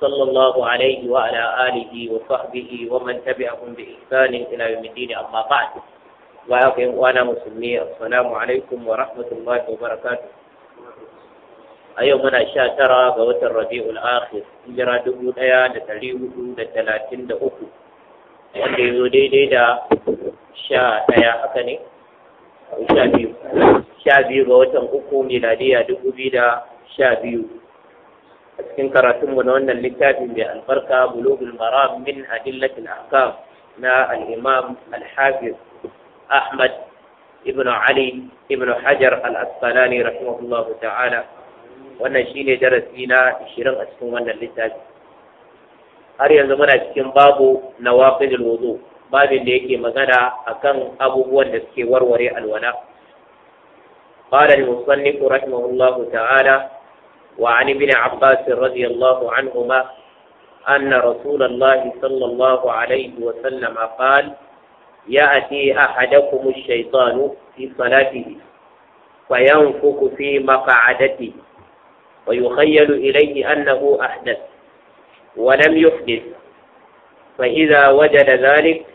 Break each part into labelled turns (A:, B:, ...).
A: صلى الله عليه وعلى آله وصحبه ومن تبعهم بإحسان إلى يوم الدين أما بعد وأقم وأنا مسلمي السلام عليكم ورحمة الله وبركاته أيوم أنا شاترا بوت الربيع الآخر هجرة دبو ديا دتليه دتلاتين دأكو wanda ya zo daidai da sha ɗaya haka ne sha biyu sha biyu ga watan uku miladiya dubu biyu da sha biyu a Karatun mu na wannan littafin mai albarka bulugul maram min adillatil ahkam na al-imam al-hafiz ahmad ibn ali ibn hajar al-asqalani rahimahullahu ta'ala wannan shine darasi na 20 a cikin wannan littafi har yanzu muna cikin babu nawaqidul wudu babin da yake magana akan abubuwan da suke warware alwala قال المصنف رحمه الله تعالى وعن ابن عباس رضي الله عنهما أن رسول الله صلى الله عليه وسلم قال يأتي أحدكم الشيطان في صلاته فينفخ في مقعدته ويخيل إليه أنه أحدث ولم يحدث فإذا وجد ذلك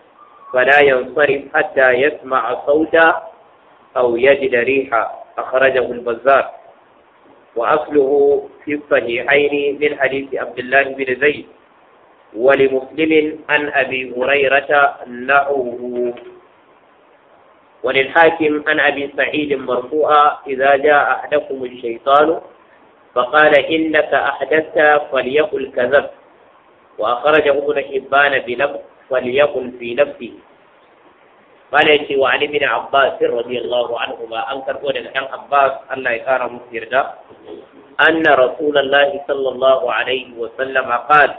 A: فلا ينصرف حتى يسمع صوتا أو يجد ريحا أخرجه البزار وأصله في الصحيحين من حديث عبد الله بن زيد ولمسلم عن أبي هريرة نحوه وللحاكم عن أبي سعيد مرفوعا إذا جاء أحدكم الشيطان فقال إنك أحدثت فليقل كذب وأخرجه ابن حبان بلفظ فليقل في نفسه malai cewa wa ali bin abbas radiyallahu anhu ma an karbo daga ɗan abbas Allah ya kara musu yarda anna rasulullahi sallallahu alaihi wa sallam qal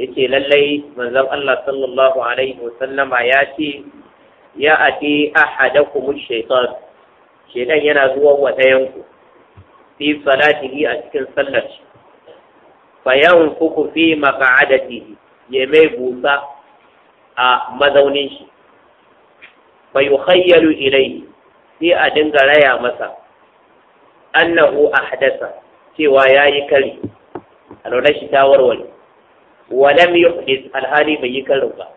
A: yace lallai manzon Allah sallallahu alaihi wa sallama ya ce ya ati ahadakum ash-shaytan shaytan yana zuwa wa ɗayan ku fi salatihi a cikin sallar shi fa yanfuku fi maq'adatihi ya mai busa a mazaunin shi bai yukhayyalu ilai sai a dinga raya masa annahu ahdasa cewa yayi kari lura shi ta warware wa lam yuhdis alhali bai yi karin ba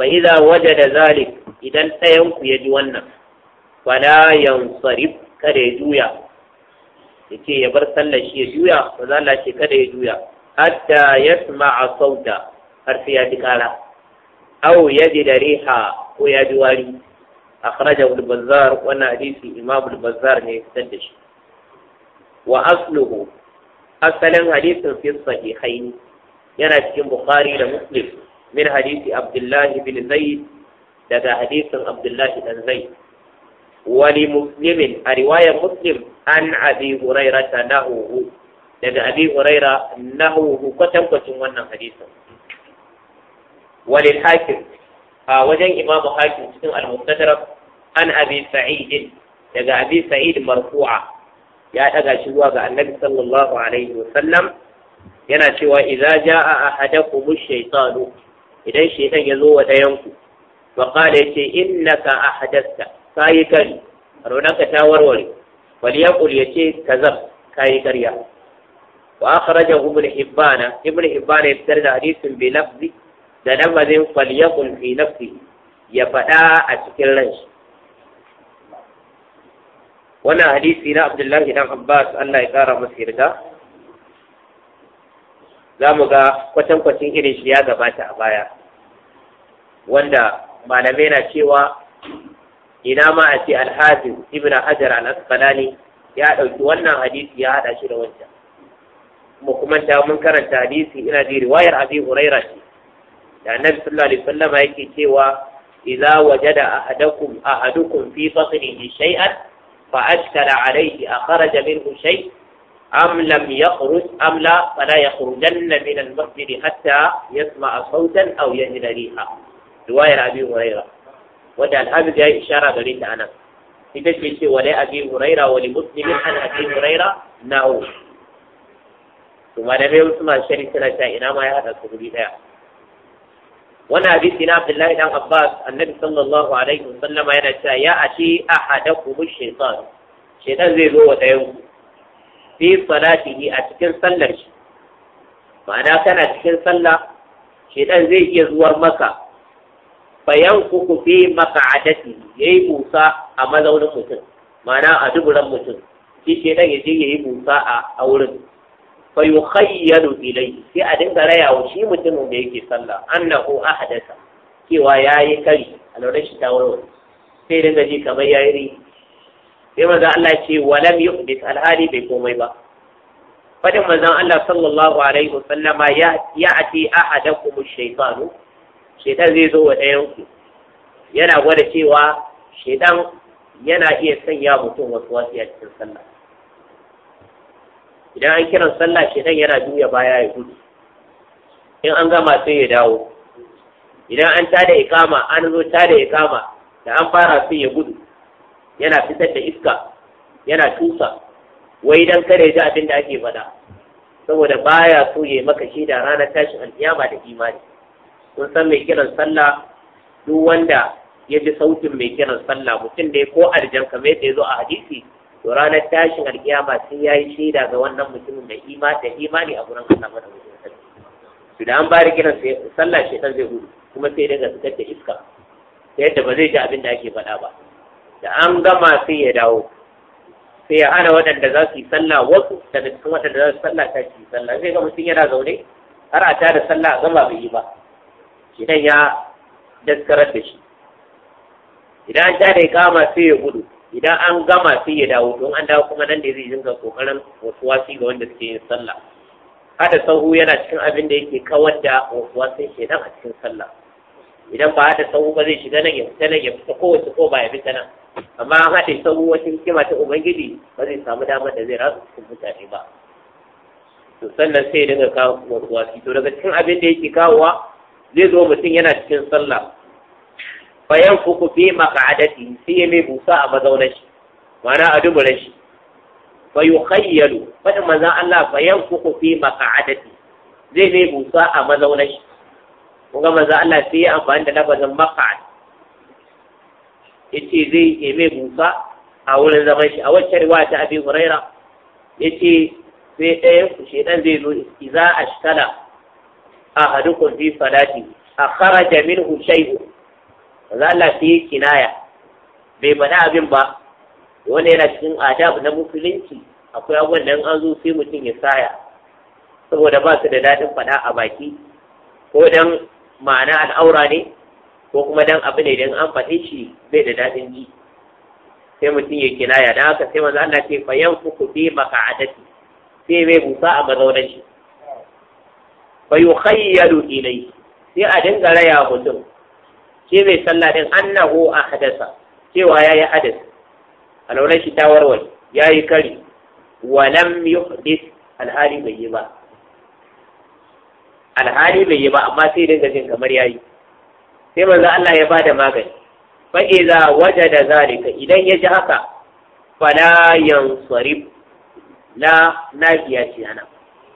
A: fa idza da zalik idan ɗayan ku ya ji wannan fala yansarif kada ya juya ya ce ya bar sallar shi ya juya ba za ce kada ya juya hatta yasma'a sauta har sai ya ji kara aw yajida riha ko ya ji wari akhrajahu al-bazzar wannan hadisi imam al-bazzar ne fitar da shi wa asluhu asalin hadisin fi sahihain yana cikin bukhari da muslim min hadisi abdullahi bin zaid daga hadisin abdullahi dan zaid ولمسلم رواية muslim an abi هريرة نهوه لأن أبي هريرة نهوه كتم كتم wannan حديثا walil hakim a wajen imamu hakim cikin al-mustadrak an abi sa'id daga abi sa'id marfu'a ya daga shi zuwa ga annabi sallallahu alaihi wasallam yana cewa idza jaa ahadakum ash-shaytanu idan shaytan ya zo wa dayanku fa qala yace innaka ka kai kai ronaka ta warware wal yaqul yace kazab kai karya wa akhrajahu ibn ibn hibbana ya fitar da hadisin bi lafzi da lamarin falyakun fi nafsi ya faɗa a cikin ranshi wannan hadisi na abdullahi dan abbas allah ya ƙara masu yarda za mu ga kwatankwacin irin shi ya gabata a baya wanda malamai na cewa ina ma a ce alhafiz ibn hajar al-asqalani ya ɗauki wannan hadisi ya haɗa shi da wancan mu kuma ta mun karanta hadisi ina ji riwayar abi huraira ce da annabi sallallahu alaihi wasallam yake cewa idza wajada ahadukum ahadukum fi batnihi shay'an fa ashkala alayhi akhraja minhu shay am lam yakhruj am la fala yakhrujanna min al-masjid hatta yasma'a sawtan aw yajida riha riwayar abi hurairah wanda al-habib ya ishara gare ta anan ita ce ce wa abi hurairah wa li muslimin an abi hurairah nahu to malamai suna shari suna ta ina ma ya hada su guri daya wani hadisi na Abdullahi dan Abbas annabi sallallahu alaihi wasallam yana cewa ya ashi ahadakum shaytan shaytan zai zo wa dayan ku fi salatihi a cikin sallar shi ma'ana kana cikin sallah shaytan zai iya zuwa maka bayan kuku fi ya yayi busa a mazaunin mutum ma'ana a duburan mutum shi shaytan ya je yayi busa a wurin fa yukhayyalu ilayhi sai a dinga raya wa shi mutumin da yake sallah annahu ahdatha cewa yayi kari a alwala shi ta warware sai dinga ji kamar yayi ri sai manzo Allah ce walam yuhdith alhali bai komai ba fadin manzon Allah sallallahu alaihi wasallama ya ya'ti ahadakum ash-shaytanu shaytan zai zo wa ɗayan ku yana gwada cewa shaytan yana iya sanya mutum wasu wasu a cikin sallah idan an kiran sallah dan yana juya baya ya gudu in an gama sai ya dawo idan an tada ikama an zo tada ikama da an fara sai ya gudu yana fitar da iska yana tusa wai dan kare ji abin da ake faɗa saboda baya so ya maka shi da ranar tashin alkiyama da imani kun san mai kiran sallah duk wanda ya ji sautin mai kiran sallah mutum da ko aljan kamar yadda ya a hadisi to ranar tashin alkiyama sai ya yi shaida ga wannan mutumin da ima da imani a gurin Allah mana to da an ba da kiran sallah shaitan zai gudu kuma sai daga fitar da iska ta yadda ba zai ji abin da ake faɗa ba da an gama sai ya dawo sai ya hana waɗanda za su yi sallah wasu daga cikin waɗanda za su sallah ta ci sallah zai ga mutum yana zaune har a tada sallah a gama bai yi ba shaitan ya daskarar da shi idan an tada ya kama sai ya gudu idan an gama sai ya dawo don an dawo kuma nan da zai dinga kokarin shi ga wanda suke yin sallah hada sahu yana cikin abin da yake kawar da ke shedan a cikin sallah idan ba hada sahu ba zai shiga nan ya fita nan ya fita kowace ko ba ya fita nan amma an hada sahu wata hikima ta ubangiji ba zai samu damar da zai rasa cikin mutane ba to sannan sai ya dinga kawo shi to daga cikin abin da yake kawowa zai zo mutum yana cikin sallah bayan fuku fi adadi sai ya mai busa a mazaunar shi mana a dubura shi fa yukhayyalu fadin maza Allah bayan fuku fi adadi zai mai busa a mazaunar shi kun ga Allah sai ya amfani da lafazin Ya ce zai yi mai busa a wurin zaman shi a wacce riwa ta Abi Huraira ce sai ɗayan ku shedan zai zo a idza ashkala ahadukum fi salati akharaja minhu shay'un manzo Allah sai kinaya bai faɗa abin ba Wani yana cikin adab na musulunci akwai abubuwan da an zo sai mutum ya saya saboda ba su da daɗin faɗa a baki ko dan ma'ana al'aura ne ko kuma dan abu ne dan an faɗe shi bai da daɗin ji sai mutum ya kinaya da haka sai manzo Allah ce fa yanfuku bi adadi, sai mai busa a mazaunan shi fa yukhayyalu ilayhi sai a dinga raya mutum shi mai sallah din annahu ahdasa cewa yayi hadas alwala shi ta ya yayi kari wa lam yuhdis alhali bai yi ba alhali bai yi ba amma sai dinga jin kamar yayi sai manzo Allah ya bada magani fa idza wajada zalika idan ya ji haka fala yansarif la nafiya ce ana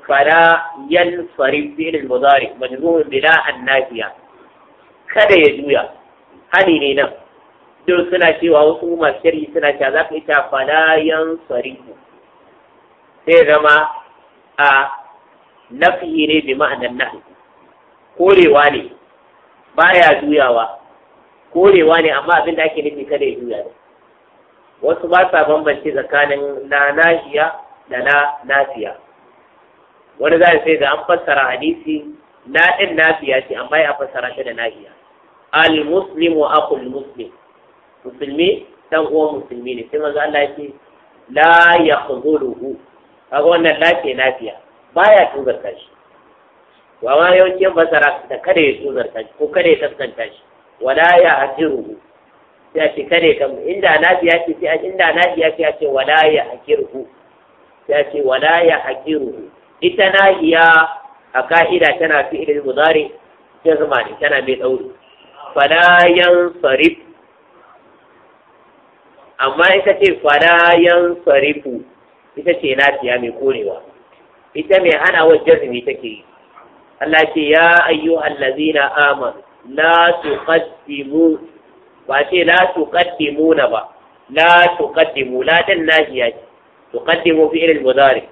A: fala yansarif fi'l mudari majzum bila an nafiya kada ya juya hani ne nan don suna cewa wasu masu shari'i suna cewa za ka yi ta falayan sarifu sai zama a nafi ne bi ma'anan nahi korewa ne Ba ya juyawa korewa ne amma abin da ake nufi kada ya juya ne wasu ba sa bambance tsakanin na nahiya da na nafiya wani za sai da an fassara hadisi na ɗin nafiya ce amma ya fassara ta da nahiya al muslimu aqul muslim musulmi dan uwan musulmi ne sai manzo Allah ya ce la yakhzuluhu kaga wannan lafiya nafiya baya tuzarta shi to amma yawancin basara da kada ya tuzarta shi ko kada ya taskanta shi wala ya hajiruhu sai a ce kada ya kama. inda nafiya ce sai a inda nafiya ce a ce wala ya hakiruhu sai a ce wala ya ruhu. ita nahiya a ka'ida tana fi'il mudari jazma ne tana mai ɗauri fala sarif amma ita ce fala sarifu ita ce nafiya mai korewa ita mai hana wa jazmi take yi Allah ce ya ayyuhal ladzina amanu la tuqaddimu ba ce la tuqaddimuna ba la tuqaddimu la dan nahiya tuqaddimu fi ilal mudari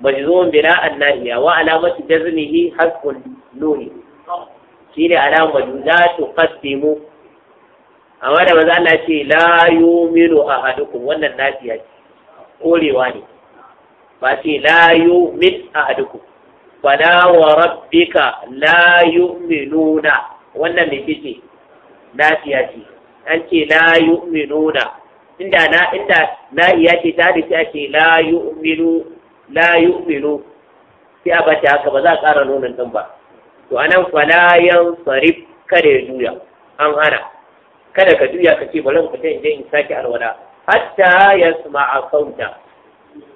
A: majzum bina'an nahiya wa alamatu jazmihi hasbun nuni shine alamatu la tuqaddimu amma da maza na ce la yu'minu ahadukum wannan na nafiya ce korewa ne ba ce la yu'min ahadukum fala wa rabbika la yu'minuna wannan me ce na nafiya ce an ce la yu'minuna inda na inda na iya ce ta da ce la yu'minu la yu'minu sai a bata haka ba za a ƙara nonon ɗin ba to anan falayan sarif kada ya juya an hana kada ka juya ka ce ba in fita in je in sake alwala hatta a sauta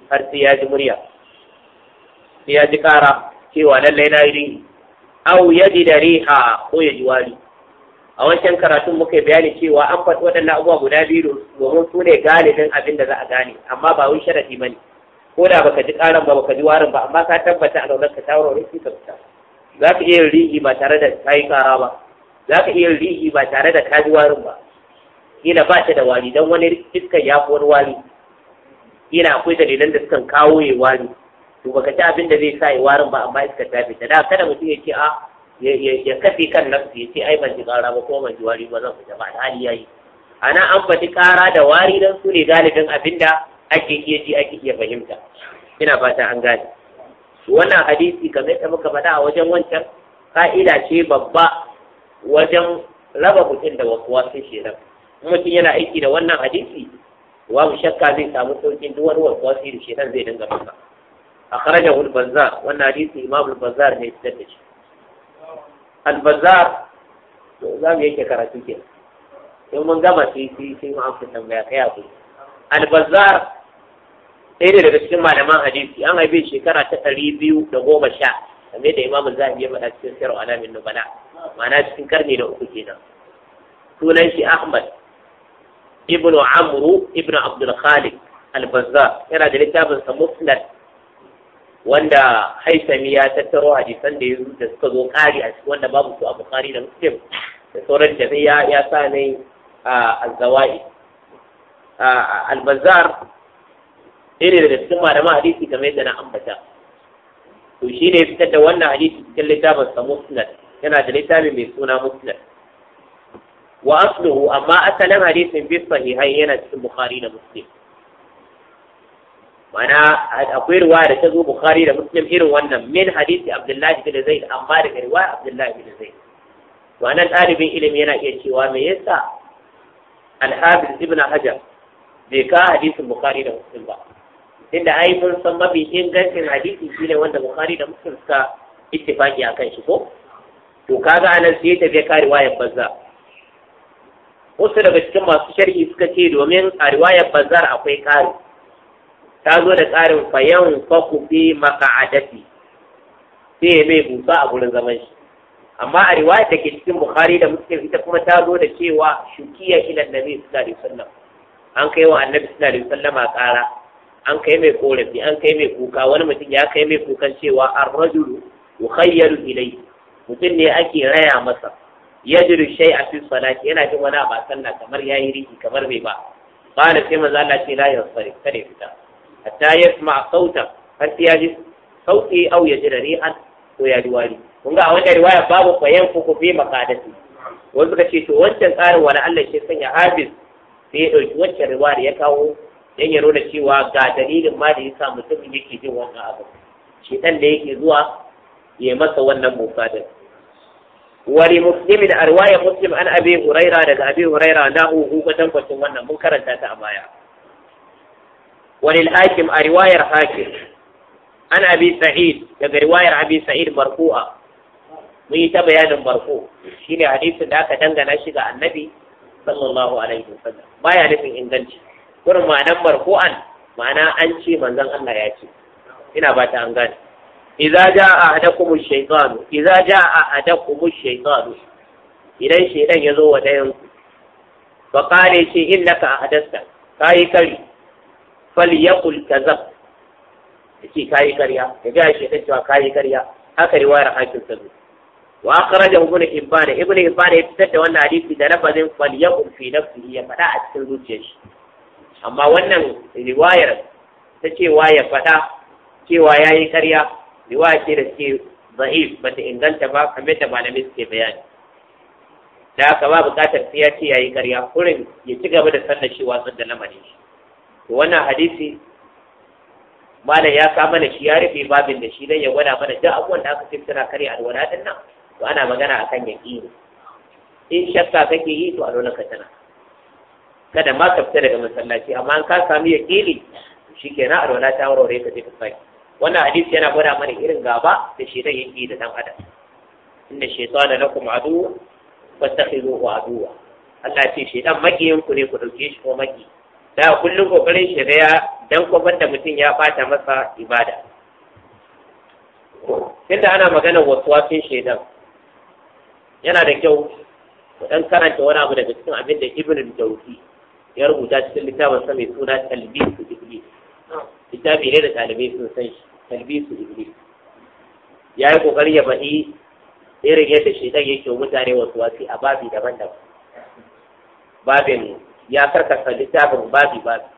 A: har sai ya ji murya sai ya ji ƙara cewa lallai na yi au ya ji da ha ko ya ji wari a wancan karatun muka yi bayani cewa an faɗi waɗannan abubuwa guda biyu domin su ne galibin abin da za a gane amma ba wai sharafi ba ne ko da baka ji karan ba baka ji warin ba amma ka tabbata a launar ka shawarwari shi ka fita za ka iya rihi ba tare da ka yi kara ba za ka iya rihi ba tare da ka warin ba kila ba ta da wari don wani iska ya fi wani wari Ina akwai dalilan da sukan kawo ya wari to baka ci abin da zai sa ya warin ba amma iskar ta fita da kada mutum ya ce ah, a ya kafe kan nafsi ya ce ai ban ji kara ba ko ban ji wari ba zan fita ba hali yayi ana an faɗi kara da wari don su ne galibin abinda ake iya ji ake iya fahimta ina fata an gane wannan hadisi kamar yadda muka faɗa a wajen wancan ka'ida ce babba wajen raba mutum da wasu wasu kuma mutum yana aiki da wannan hadisi babu shakka zai samu saukin duk wani wasu wasu shirin shirin zai dinga masa akhrajahu al-bazzar wannan hadisi imam al ne fitar da shi al to za mu yake karatu kenan in mun gama sai sai sai mu amfani tambaya kai hakuri al-bazzar ɗaya ne daga cikin malaman hadisi an haife shekara ta ɗari biyu da goma sha game da imamu a ya faɗa cikin sayar alamin nubala ma'ana cikin karni da uku kenan sunan shi ahmad ibn amru ibn abdul khalid al yana da littafin sa musnad wanda haisami ya tattaro hadisan da da suka zo kari a cikin wanda babu su a bukhari da muslim da sauran da ya ya sa ne a al-zawai al ɗaya ne daga cikin malaman hadisi kamar yadda na ambata to shi ne fitar da wannan hadisi cikin littafin sa musnad yana da littafin mai suna musnad wa asluhu amma asalin hadisin bi sahihai yana cikin bukhari da muslim mana akwai riwaya da ta zo bukhari da muslim irin wannan min hadisi abdullahi bin zaid amma daga riwaya abdullahi bin zaid wannan ɗalibin ilimi yana iya cewa me yasa al-hafiz ibn hajar bai ka hadisin bukhari da muslim ba inda ai mun san mafi ingancin hadisi ne wanda bukari da muslim suka ittifaki kan shi ko to kaga anan sai ta je kare wayar banza wasu daga cikin masu sharhi suka ce domin a riwayar bazar akwai ƙari ta zo da ƙarin fayan faku maka Adafi. sai ya mai busa a gurin zaman shi amma a riwayar da ke cikin bukari da muslim ita kuma ta zo da cewa shukiya ilan annabi sallallahu alaihi wasallam an kai wa annabi sallallahu alaihi wasallam a ƙara an kai mai korafi an kai mai kuka wani mutum ya kai mai kukan cewa an rajulu yukhayyalu ilai mutum ne ake raya masa shai a fi salati yana jin wani ba sallah kamar ya yi riki kamar bai ba qala sai manzo Allah ce la yasari kada fita hatta yasma sauta har sai ya ji sauti aw yajra ri'an ko ya ji wari kun ga a wannan riwaya babu fayan ko fi makadati wasu ka ce to wancan tsarin wani Allah shi sanya habis sai ya ɗauki wancan riwayar ya kawo dan ya nuna cewa ga dalilin ma da yasa ya yake jin wannan abu shi dan da yake zuwa ya masa wannan mufadin muslim da arwaya muslim an abi huraira daga abi huraira na hu kwatan tabbacin wannan mun karanta ta a baya Wani hakim a riwayar hakim an abi sa'id daga riwayar abi sa'id marfu'a mun yi ta bayanin barko shine hadisin da aka dangana shi ga annabi sallallahu alaihi wasallam baya nufin inganci gurin ma'anan marfu'an ma'ana an ce manzon Allah ya ce ina ba ta an gane idza jaa ahadakum ash-shaytan idza jaa ahadakum ash-shaytan idan shaytan yazo wa dayan fa qale shi innaka ahadasta kai kari falyaqul kazab shi kai kariya ya ga shaytan cewa kai kariya haka riwayar hakim ta zo wa akhrajahu ibn hibban ibn hibban ya fitar da wannan hadisi da lafazin falyaqul fi nafsihi ya fada a cikin zuciyarsa amma wannan riwayar ta cewa ya faɗa cewa ya yi karya riwaya ce da ce za'if ba ta inganta ba kamar da malamai suke bayani da haka ba buƙatar sai ya ce ya yi karya kurin ya ci gaba da sannan shi wasan da lamarin shi to wannan hadisi malam ya sa mana shi ya rufe babin da shi dan ya gwada mana duk abubuwan da aka ce suna karya alwala din nan to ana magana akan yaƙini in shakka kake yi to alwala ka tana kada ma ka fita daga masallaci amma an ka samu yaqini shikenan alwala ta warware ka je ka saki wannan hadisi yana gwada mana irin gaba da shedan yake da dan adam inna shaytana lakum aduwwa fattakhizuhu aduwwa Allah ya ce shedan makiyin ku ne ku dauke shi ko maki da kullum kokarin shi ya dan kofar da mutum ya bata masa ibada tunda ana maganar waswasin shaidan, yana da kyau ku dan karanta wani abu daga cikin abin da ibn dauki ya rubuta cikin littafin sa mai suna talbisu iblis littafi ne da ɗalibai sun san shi talbisu iblis ya yi kokari ya faɗi irin yadda shaitan yake mutane wasu wasi a babi daban-daban babin ya karkasa littafin babi babi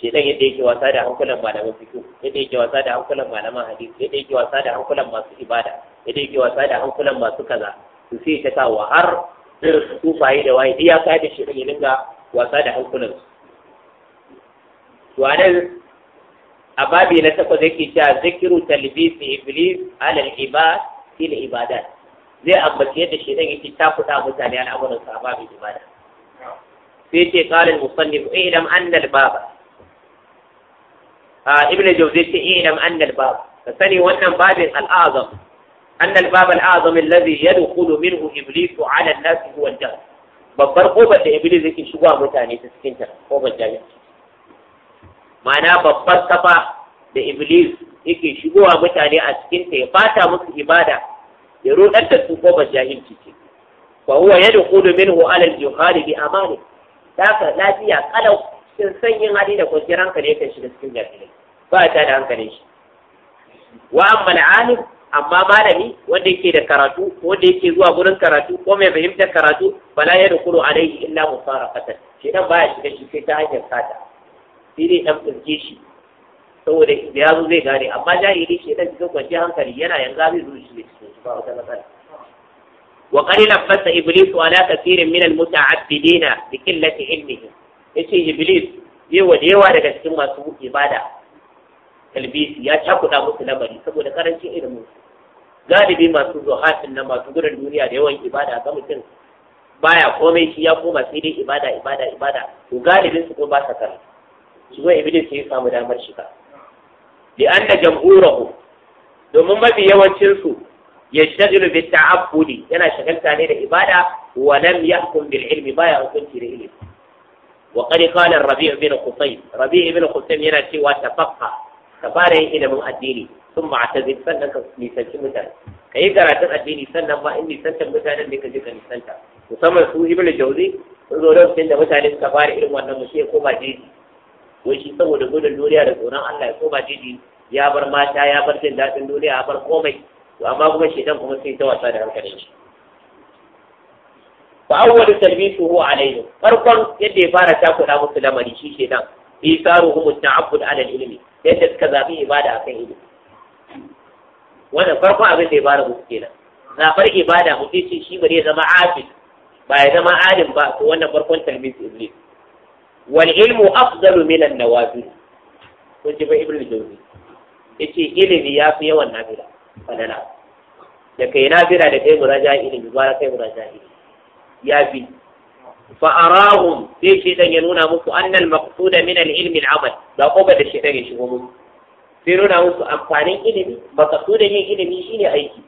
A: shaitan yadda yake wasa da hankulan malaman fito yadda yake wasa da hankulan malaman hadisi yadda yake wasa da hankulan masu ibada yadda yake wasa da hankulan masu kaza su sai ta kawo har irin sufaye da waye duk ya kai da shaitan ya dinga wasa da hankulan Su anan a babi na takwas yake cewa zikiru talbisi iblis alal ibad fil ibadat zai ambaci yadda shedan yake takuta mutane al'amuran sa babu ibada sai ce qala al-musannif ilam anna al-baba a ibn jawzi ce ilam anna al-baba ka sani wannan babin al-azam anna al-baba al-azam alladhi yadkhulu minhu iblis ala an-nas huwa al-jahl babbar kofar da iblis yake shigo a mutane ta cikin ta kofar jahilci ma'ana babbar kafa da iblis yake shigo a mutane a cikin ta ya fata musu ibada ya rudar da su kofar jahilci ce fa huwa yadkhulu minhu ala al-juhal bi amani daga lafiya kalau cikin sanyin hali da kwanciyar hankali yakan shiga cikin jahilai ba ta da hankalin shi wa amma al amma malami wanda yake da karatu ko wanda yake zuwa gurin karatu ko mai fahimtar karatu bala ya dukuru alaihi illa musarafatan shi dan baya shiga shi sai ta hanyar sata sai dai dan tsinke shi saboda da ya zo zai gane amma jahili shi dan cikin kwanciyar hankali yana yanzu zai zo shi ne cikin ba wata matsala wa qalilan fasa iblis ala kathirin min al muta'abbidina bi qillati ilmihi yace iblis yawa da yawa daga cikin masu ibada kalbisi ya cakuɗa musu lamari saboda karancin ilimi. galibi masu zuhafin nan masu gudun duniya da yawan ibada ga mutum baya komai shi ya koma sai dai ibada ibada ibada to galibin su ko ba sa kar shi ko iblis ya samu damar shiga li anna jam'urahu domin mafi yawancin su yashtagilu bi ta'abbudi yana shagalta ne da ibada wa lam yahkum bil ilmi baya hukunci da ilimi wa qad qala rabi' bin qutaym rabi' bin yana cewa tafaqqa ka fara yin ilimin addini sun ma'atazin sannan ka nisanci mutane ka yi karatun addini sannan ma in nisantar mutanen ne ka je ka nisanta musamman su ibn jauzi sun zo lokacin da mutane suka fara irin wannan mutum ya koma jeji wai shi saboda gudun duniya da tsoron Allah ya koma jeji ya bar mata ya bar jin daɗin duniya ya bar komai to amma kuma shedan kuma sai ta wasa da hankalin shi fa awwalu a alayhi farkon yadda ya fara takura musu lamari shi shedan isaruhum ta'abbud ala al-ilmi yadda suka zaɓi ibada a kan ilimi wannan farko abin da ya fara musu kenan zaɓar ibada mutum ce shi bari ya zama abin ba ya zama alim ba to wannan farkon talmis iblis wal ilmu afdalu min an nawafi ko ji ba ibnu jawzi yace ilimi ya fi yawan nafila fadala da kai nafila da kai muraja ilimi ba kai muraja ilimi ya fi fa arahum sai shedan ya nuna muku annal maqsuda min al-ilmi ba ko ba da shedan ya shigo muku sai nuna amfanin ilimi maqsuda yin ilimi shine aiki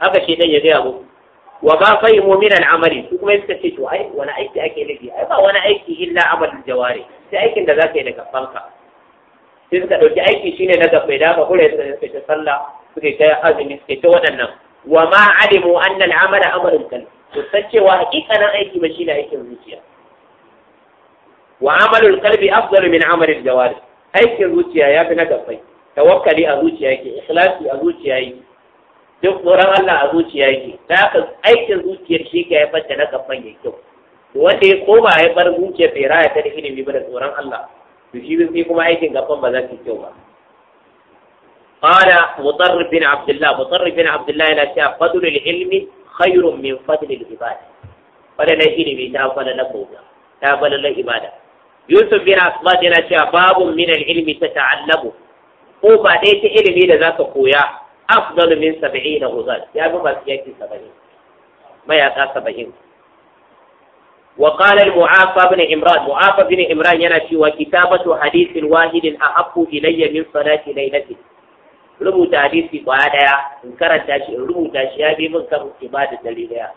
A: haka shedan ya gaya muku wa ba fahimu min al kuma suka ce to wani aiki ake nufi ai ba wani aiki illa amal jawari sai aikin da zaka yi daga fanka sai suka aiki shine na gabbai da aka kure suka suka ta sallah ta waɗannan wa to san cewa hakikanin aiki ba shine aikin zuciya wa amalul qalbi afdalu min amalil jawarih aikin zuciya ya fi na gabbai tawakkali a zuciya yake ikhlasi a zuciya yake duk tsoron Allah a zuciya yake da haka aikin zuciyar shi ke haifar da na gaban ya kyau wanda ya koma haifar zuciyar bai raya ta da ilimi ba da tsoron Allah to shi sai kuma aikin gaban ba za ta kyau ba قال مضر بن عبد الله bin بن عبد الله لا شيء فضل العلم خير من فضل العبادة ولا نهيني بيتا ولا نقوم لا بل لا يوسف بن أصباد باب من العلم تتعلمه هو بعدين علمي لذات قوية أفضل من سبعين غزال يا أبو ما سيأتي سبعين ما يأتي سبعين وقال المعافى بن عمران معافى بن عمران ينشي وكتابة حديث واحد أحب إلي من صلاة ليلته rubuta hadisi kwaya daya in karanta shi in rubuta shi ya bi min kan da dari daya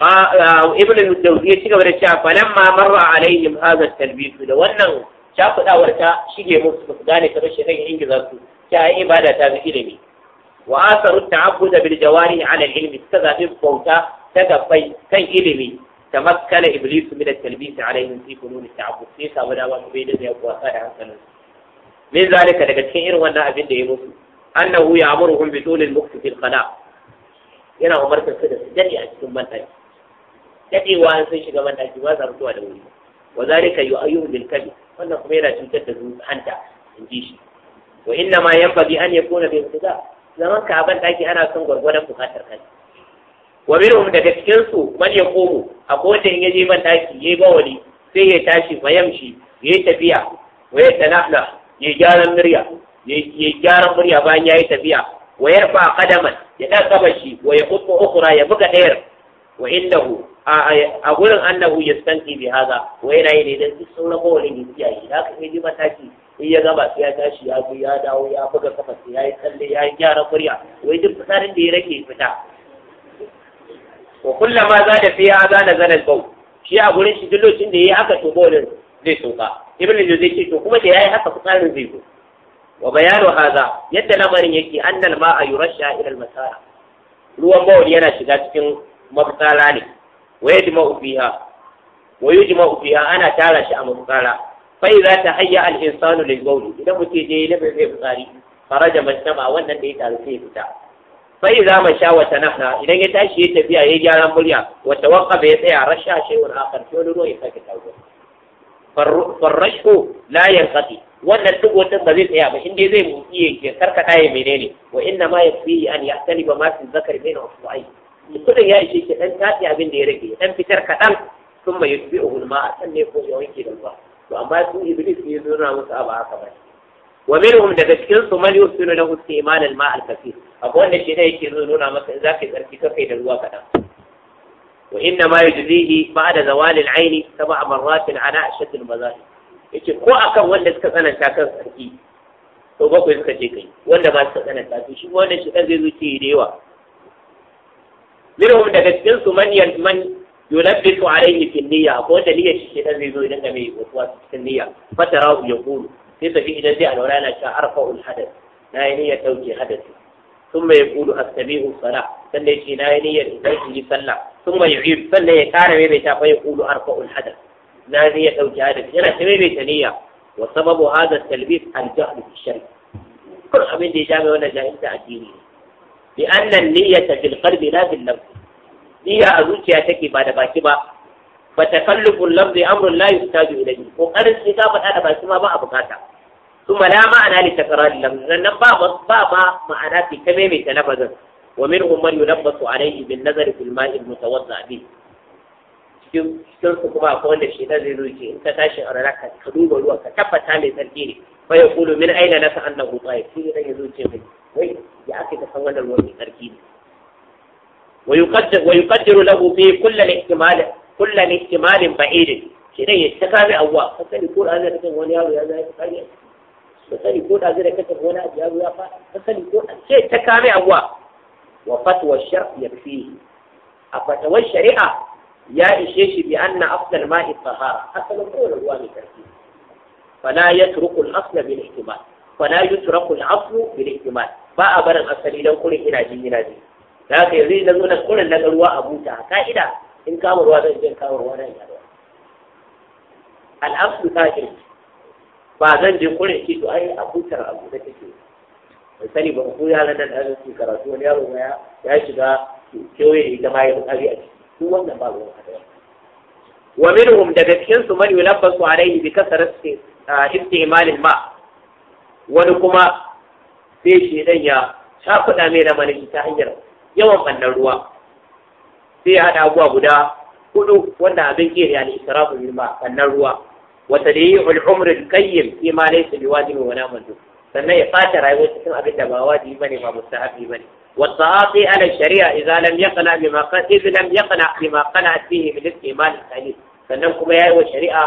A: uh, ibn al ya ci gaba da cewa falamma marra alaihim hadha at da wannan shafudawar ta shige musu ba su gane ka shi kan ingiza su ta ibada ta ga ilimi wa asaru ta'abbud bil jawari ala al ilimi, ta zafi bauta ta gabbai kan ilimi ta iblis min at-talbis alaihim fi funun at-ta'abbud sai samu dama su bai da kuwa sa da hankalinsu min zalika daga cikin irin wannan abin da ya musu annahu ya'muruhum bi tulil mukti fil qala yana umartar su da su a cikin bandaki an sun shiga bandaki ba za su zuwa da wuri wa zalika yu'ayyuhu bil kabi wannan kuma yana cutar da zuciya hanta in ji shi wa inna ma yanbaghi an yakuna bi ibtida zaman ka ban daki ana son gwargwadon bukatar kai wa minhum daga cikin su man yaqumu ko wanda in yaje ban daki yayi bawali sai ya tashi fa yamshi yayi tafiya wa yatanahla ya gyaran murya ya gyara murya bayan ya yi tafiya wa yarfa qadaman ya dan gaba shi wa ya kutu ukura ya buga ɗayar wa indahu a gurin annahu yastanki bi haza wa yana yi ne dan duk sauran kowane ne kiyaye da haka ji mataki in ya gaba sai ya tashi ya bi ya dawo ya buga kafa sai ya yi tsalle ya yi gyaran murya wai duk fitsarin da ya rage fita wa kullama za da fiya za na zanen bau shi a gurin shi duk lokacin da ya yi haka to bawlin zai sauka. ibn al ce to kuma da yayi haka tsarin zai zo wa bayanu hadha yadda lamarin yake annal ma'a yurasha ila al-masara ruwan bawli yana shiga cikin mafitsara ne wa yajma'u fiha wa yujma'u fiha ana tara shi a mafitsara fa idza tahayya al-insanu lil bawl idan mutum je ne bai fitsari faraja majtama wannan da ya taru sai fita fa idza masha wa tanahna idan ya tashi ya tafiya ya gyaran murya wa tawaqqa bai tsaya rasha shay'un akhar wani ruwa ya sake tawo farrashu la yanqati wannan duk wata ba zai tsaya ba inda zai mutsi ya karkata ya menene wa inna ma yafi an yahtali ba ma fi zakar baina usbu'ai kudin ya ishe ki dan tafi abin da ya rage dan fitar kadan sun mai yusbi uhul ma a sanne ko ya wanke da ruwa to amma su iblis ne nuna musu abu haka ba wa minhum daga cikin su man yusbiru lahu istimal al ma al kathir akwai wanda shi ne yake nuna masa in zaka yi tsarki kai da ruwa kadan وإنما يجزيه بعد زوال العين سبع مرات على أشد المذاهب yace ko akan wanda suka tsananta kan sarki to bakwai suka ce kai wanda ba suka tsananta to shi wanda shi kan zai zuci da yawa Mirhum, daga cikin su man man yulabbisu alayhi fi niyya ko wanda niyyar shi dan zai zo idan ga mai wasuwa cikin niyya ya yaqulu sai tafi idan zai alwala yana cewa arfa'ul hadath na yi niyyar dauke hadathi ثم يقول أستبيح الصلاة sannan shi na yi niyyar in yi sallah ثم يعيد فلا يكار بيتا فيقول أرفع الحدث نادي يدوك هذا أنا ميميتا نية وسبب هذا التلبيس الجهل في الشرك كل أبين دي جامع ولا جائزة أديني لأن النية في القلب لا في اللفظ نية يا أتكي بعد باكبا فتكلف اللفظ أمر لا يحتاج إليه وقال كتابة أنا باكبا ما أبقاتا ثم لا معنى لتكرار اللفظ لأن بابا بابا معنى في كميمة لفظه ومنهم من يلبس عليه بالنظر في الماء المتوضع به cikin su kuma akwai wanda shi zai zo ce in ka tashi a rana ka duba ruwa ka tabbata mai tsarki ne fa ya kulu min aina na sa annahu tayyib shi zai zo ce mai wai ya ake ka san wannan ruwan mai tsarki ne wa yuqaddir wa yuqaddiru lahu fi kulli ihtimal kulli ihtimal ba'id shi dai ya ta kame awwa ka sani ko da zai kace wani yaro ya zai ka sani ko da zai kace wani abu ya fa ka sani ko ce ta kame awwa wa fatwa fi yi. a fatawar shari'a ya ishe shi bi na afdal ma'i tahara asalin kowane ruwa mai karfi fala yatruku al-asl bil ihtimal fala yutruku al-asl bil ihtimal ba a barin asali don kurin ina ji ina ji Za ka yanzu na zo na kurin na ruwa a buta ka'ida in kama ruwa zan je kama ruwa nan ya ruwa ta asl ba zan je kurin ki to ai a butar abu da take bai sani ba ko yaran nan da suke karatu wani yaro ya ya shiga kewaye da ita ma ya bukari a ciki su wannan ba ruwan wa minhum daga cikin su man yulabbasu alaihi bi kasarati istimalil ma wani kuma sai dan ya shafuda mai da ta hanyar yawan bannan ruwa sai ya hada abuwa guda hudu wanda abin ke ya ne israfu ma bannan ruwa Wata da umri al-qayyim fi ma laysa biwajibin wa namun sannan ya fata rayuwar cikin abin da ba wajibi bane ba mustahabi bane والتعاطي على الشريعة إذا لم يقنع بما lam إذ لم يقنع بما قنعت به من الاستعمال القليل sannan kuma ya yi wa shari'a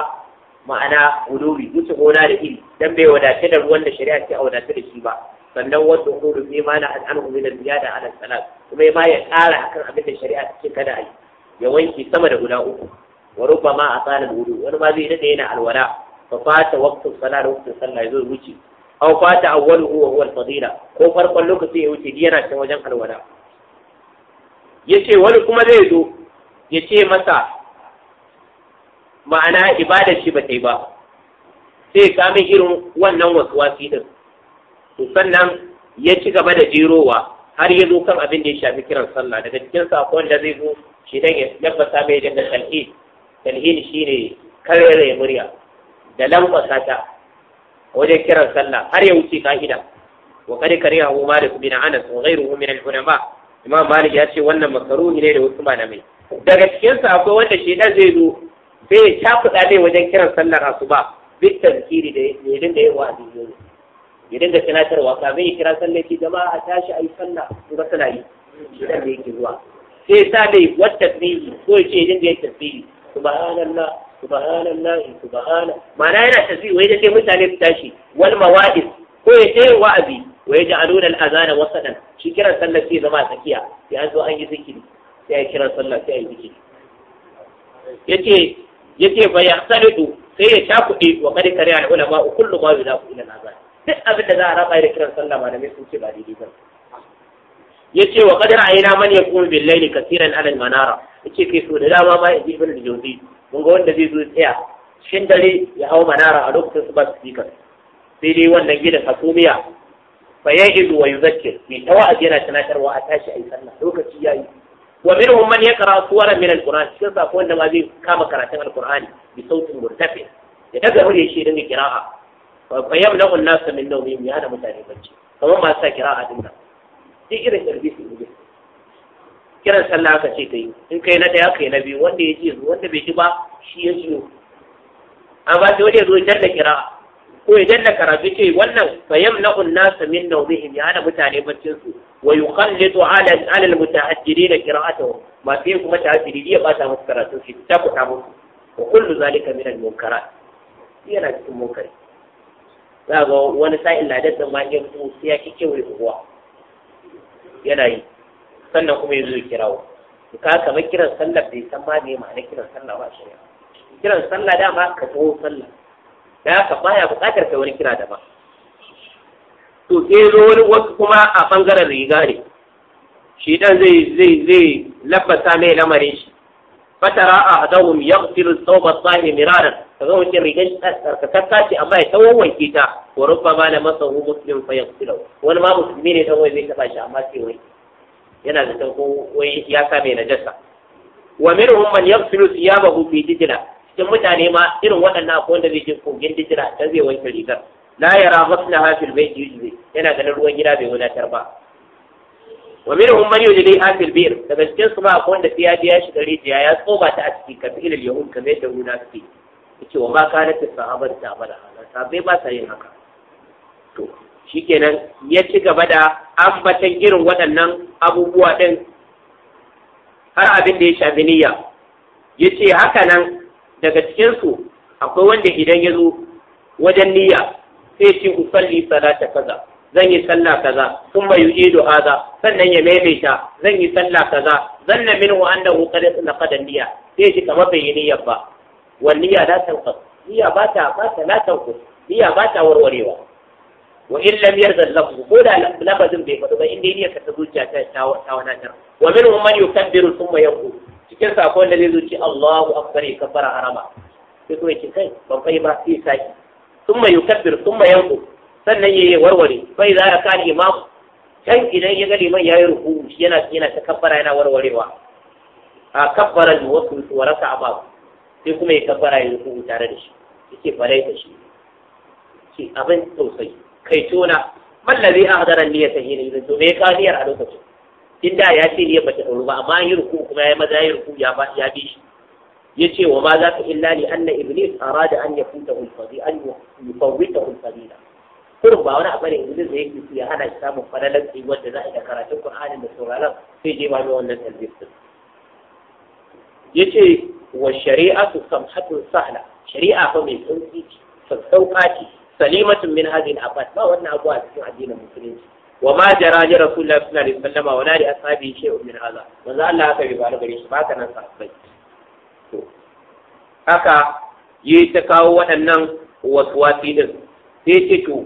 A: ma'ana wulubi wuce gona da iri dan bai wadace da ruwan da shari'a ce a wadace da shi ba sannan wanda hudu ne ma na al'anu min al-ziyada ala salat kuma ma ya ƙara akan abin da shari'a ta ce kada a yi ya wanke sama da guda uku wa rubbama a al-wudu wani ma zai dade yana alwala fa fata waqtu salat waqtu sallah yazo wuce aw fata awwaluhu wa huwa al-fadila ko farkon lokaci ya wuce yana ta wajen alwala yace wani kuma zai zo ya ce masa ma'ana ibadar shi ba ta yi ba sai ka min irin wannan waswasi din to sannan ya ci gaba da jerowa har ya zo kan abin da ya shafi kiran sallah daga cikin sakon da zai zo shi dan ya tabbata mai da talhin talhin shine karere murya da lamba sata. wajen kiran sallah har ya wuce ka'ida wa kad karihahu malik bin anas wa ghayruhu min al-ulama imam malik ya ce wannan makaruhi ne da wasu malamai daga cikin sa akwai wanda shi dan zai zo sai ya shafuɗa ne wajen kiran sallar asuba bit tazkiri da ya da yin wa'azi ne ya dinga tunatarwa kafin ya kira sallar ki jama'a a tashi ayi sallah in ba suna yi shi dan da yake zuwa sai sa dai wata tasbihi ko ya ce ya dinga yin nan subhanallah subhanallahi subhana ma'ana yana tafi wai da sai mutane su tashi wal mawadis ko ya ce wa'azi wa ya ja'aluna al-azana wasadan shi kiran sallar sai zama tsakiya sai an zo an yi zikiri sai ya kiran sallar sai ya yi zikiri yace yace fa yaxtalidu sai ya shakuɗe wa qad kariya al-ulama kullu ma yudaqu ila al-azan duk abin da za a raba da kiran sallah malamai sun ce ba daidai ba yace wa qad ra'ayna man yaqumu bil-layli kaseeran ala al-manara yace kai so da dama ma ibn al-jawzi mun ga wanda zai zo tsaya cikin dare ya hau manara a lokacin su ba su sai dai wannan gidan hasumiya fa ido wa yuzakkir mai tawa a yana tunatarwa a tashi yi sallah lokaci ya yayi wa minhum man yaqra suwaran min alquran cikin sako wanda ma zai kama karatun alqur'ani bi sautin murtafi ya daga ya shi dinga kira'a fa yamna'u an-nas min nawmihim ya da mutane bacci kamar masu sa kira'a dinga sai irin irbisu ne kiran sallah aka ce yi. in kai na daya kai na biyu wanda ya ji wanda bai ji ba shi ya ji an ba shi wani ya zo ya danna kira ko ya danna karatu ce wannan fa yamna'un nasa min nawmihim ya da mutane baccin su wa yuqallidu ala ala almutahajjirina qira'atuhum ma sai kuma tahajjiri ya ta musu karatu shi ta kuta musu wa kullu zalika min almunkarat yana cikin munkari za ga wani sa'in ladan da ma ya fito sai ya kike wuri kuwa yana yi sannan kuma ya zo ya kirawo to ka kamar kiran sallah bai san ma me ma'anar kiran sallah ba shi kiran sallah dama ka ko sallah da ka baya buƙatar kai wani kira daban to sai zo wani wasu kuma a bangaren riga ne shi dan zai zai zai labbata mai lamarin shi fatara a adawum yaghfir thawba sahi miraran kaga rigan rigar ka ce amma ya tawawanke ta wa rubba ma la masahu muslim fa yaghfiru wani ma musulmi ne tawai zai taba shi amma sai wai yana da ko wai ya sa mai najasa wa minhum man yaghsilu thiyabahu fi dijla cikin mutane ma irin waɗannan akwai wanda zai je kogin dijla dan zai wanke rigar la yara ghasla fil bayt yujzi yana ganin ruwan gida bai wadatar ba wa minhum man yujli fil bir daga cikin su ba akwai wanda sai ya je ya shiga rijiya ya tsoba ta a ciki ka fi ilal yahud kamar yadda na suke yace wa ma kana ta sahabar ta bala sahabbai ba sa yin haka to shikenan ya ci gaba da ambatan irin waɗannan abubuwa ɗin har abin da ya shafi niyya ya ce haka nan daga cikinsu akwai wanda idan ya zo wajen niyya sai ce usalli salata kaza zan yi sallah kaza sun bayu ido haza sannan ya maimaita zan yi sallah kaza zan na min wa'anda hukari suna kadan niyya sai shi kama bai yi niyyar ba wani niyya na tankas niyya ba ta ba ta na tankus niyya ba ta warwarewa wa in lam yarzal lafzu ko da lafazin bai faɗo ba inda niyyar ka ta zuciya ta ta wadatar wa minhum man yukabbiru thumma yanqulu cikin sakon da zai zo ci Allahu akbar ya kabbara harama sai kuma yake kai ban kai ba sai sai thumma yukabbiru thumma yanqulu sannan yayi warware fa idza raka imam Kan idan ya ga liman yayi ruku yana yana ta kabbara yana warwarewa a kabbara wasu waraka raka'a ba sai kuma ya kabbara ya ruku tare da shi yake fara ta shi ki abin tausayi kai tona mallabi a hadarar niyyar ta hina yanzu to me ya kawo niyyar a lokacin in da ya ce niyyar bata ɗauru ba amma yi ruku kuma ya yi maza yi ruku ya bi shi ya ce wa ma za ka illa li anna iblis arada an yafuta ulfadi an hulfari na kurin ba wani abu ne iblis da yake ya hana shi samun fadalar tsayi wanda za a yi da karatun qur'anin da sauraron sai je ma mai wannan talbis ya ce wa shari'a shari'atu samhatun sahla shari'a fa mai sauƙi ce ce salimatun min hadhihi al-afat ba wannan abu a cikin addinin musulunci wa ma jara ni rasulillahi sallallahu alaihi wasallam wa la li ashabihi shay'un min hadha manzo Allah haka bai bari gare shi ba haka nan bai to haka yi ta kawo waɗannan waswasi din sai ce to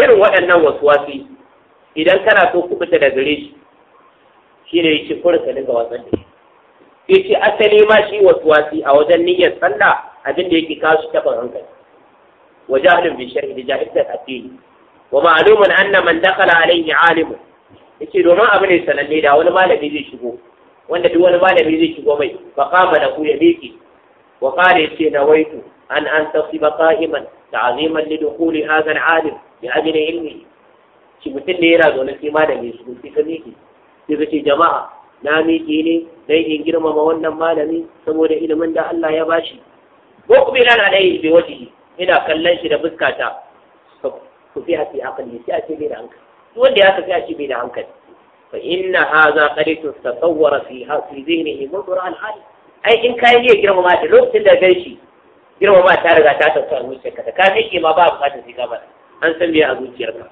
A: irin waɗannan waswasi idan kana so ku fita da gare shi ne yake furta daga wasan da yace asali ma shi waswasi a wajen niyyar sallah abin da yake kawo shi taɓin hankali وجهل بالشرك جاهل الدين ومعلوم أن من دخل عليه عالم yace domin abu ne sananne da wani malami zai shigo wanda duk wani malami zai shigo mai fa qama da ku ya miƙe wa qala yace waitu an an tasiba qa'iman ta'ziman li dukhuli hadha al-alim bi ajli ilmi shi mutum ne yana zaune sai malami su sai ka miƙe sai ka ce jama'a na miƙe ne dai in girmama wannan malami saboda ilimin da Allah ya bashi ko kuma ina na dai bi wajihi ina kallon shi da fuskata ku fi hafi hankali shi a ce bai da hankali wanda ya tafi a ce bai da hankali fa inna hadha qaditu tasawwara fi fi zihnihi mundur al hal ai in kai ne girma ma da lokacin da gaishe girma ma ta riga ta tafi a zuciyarka da ka nake ma ba bukatar sai ka bada an san me a zuciyarka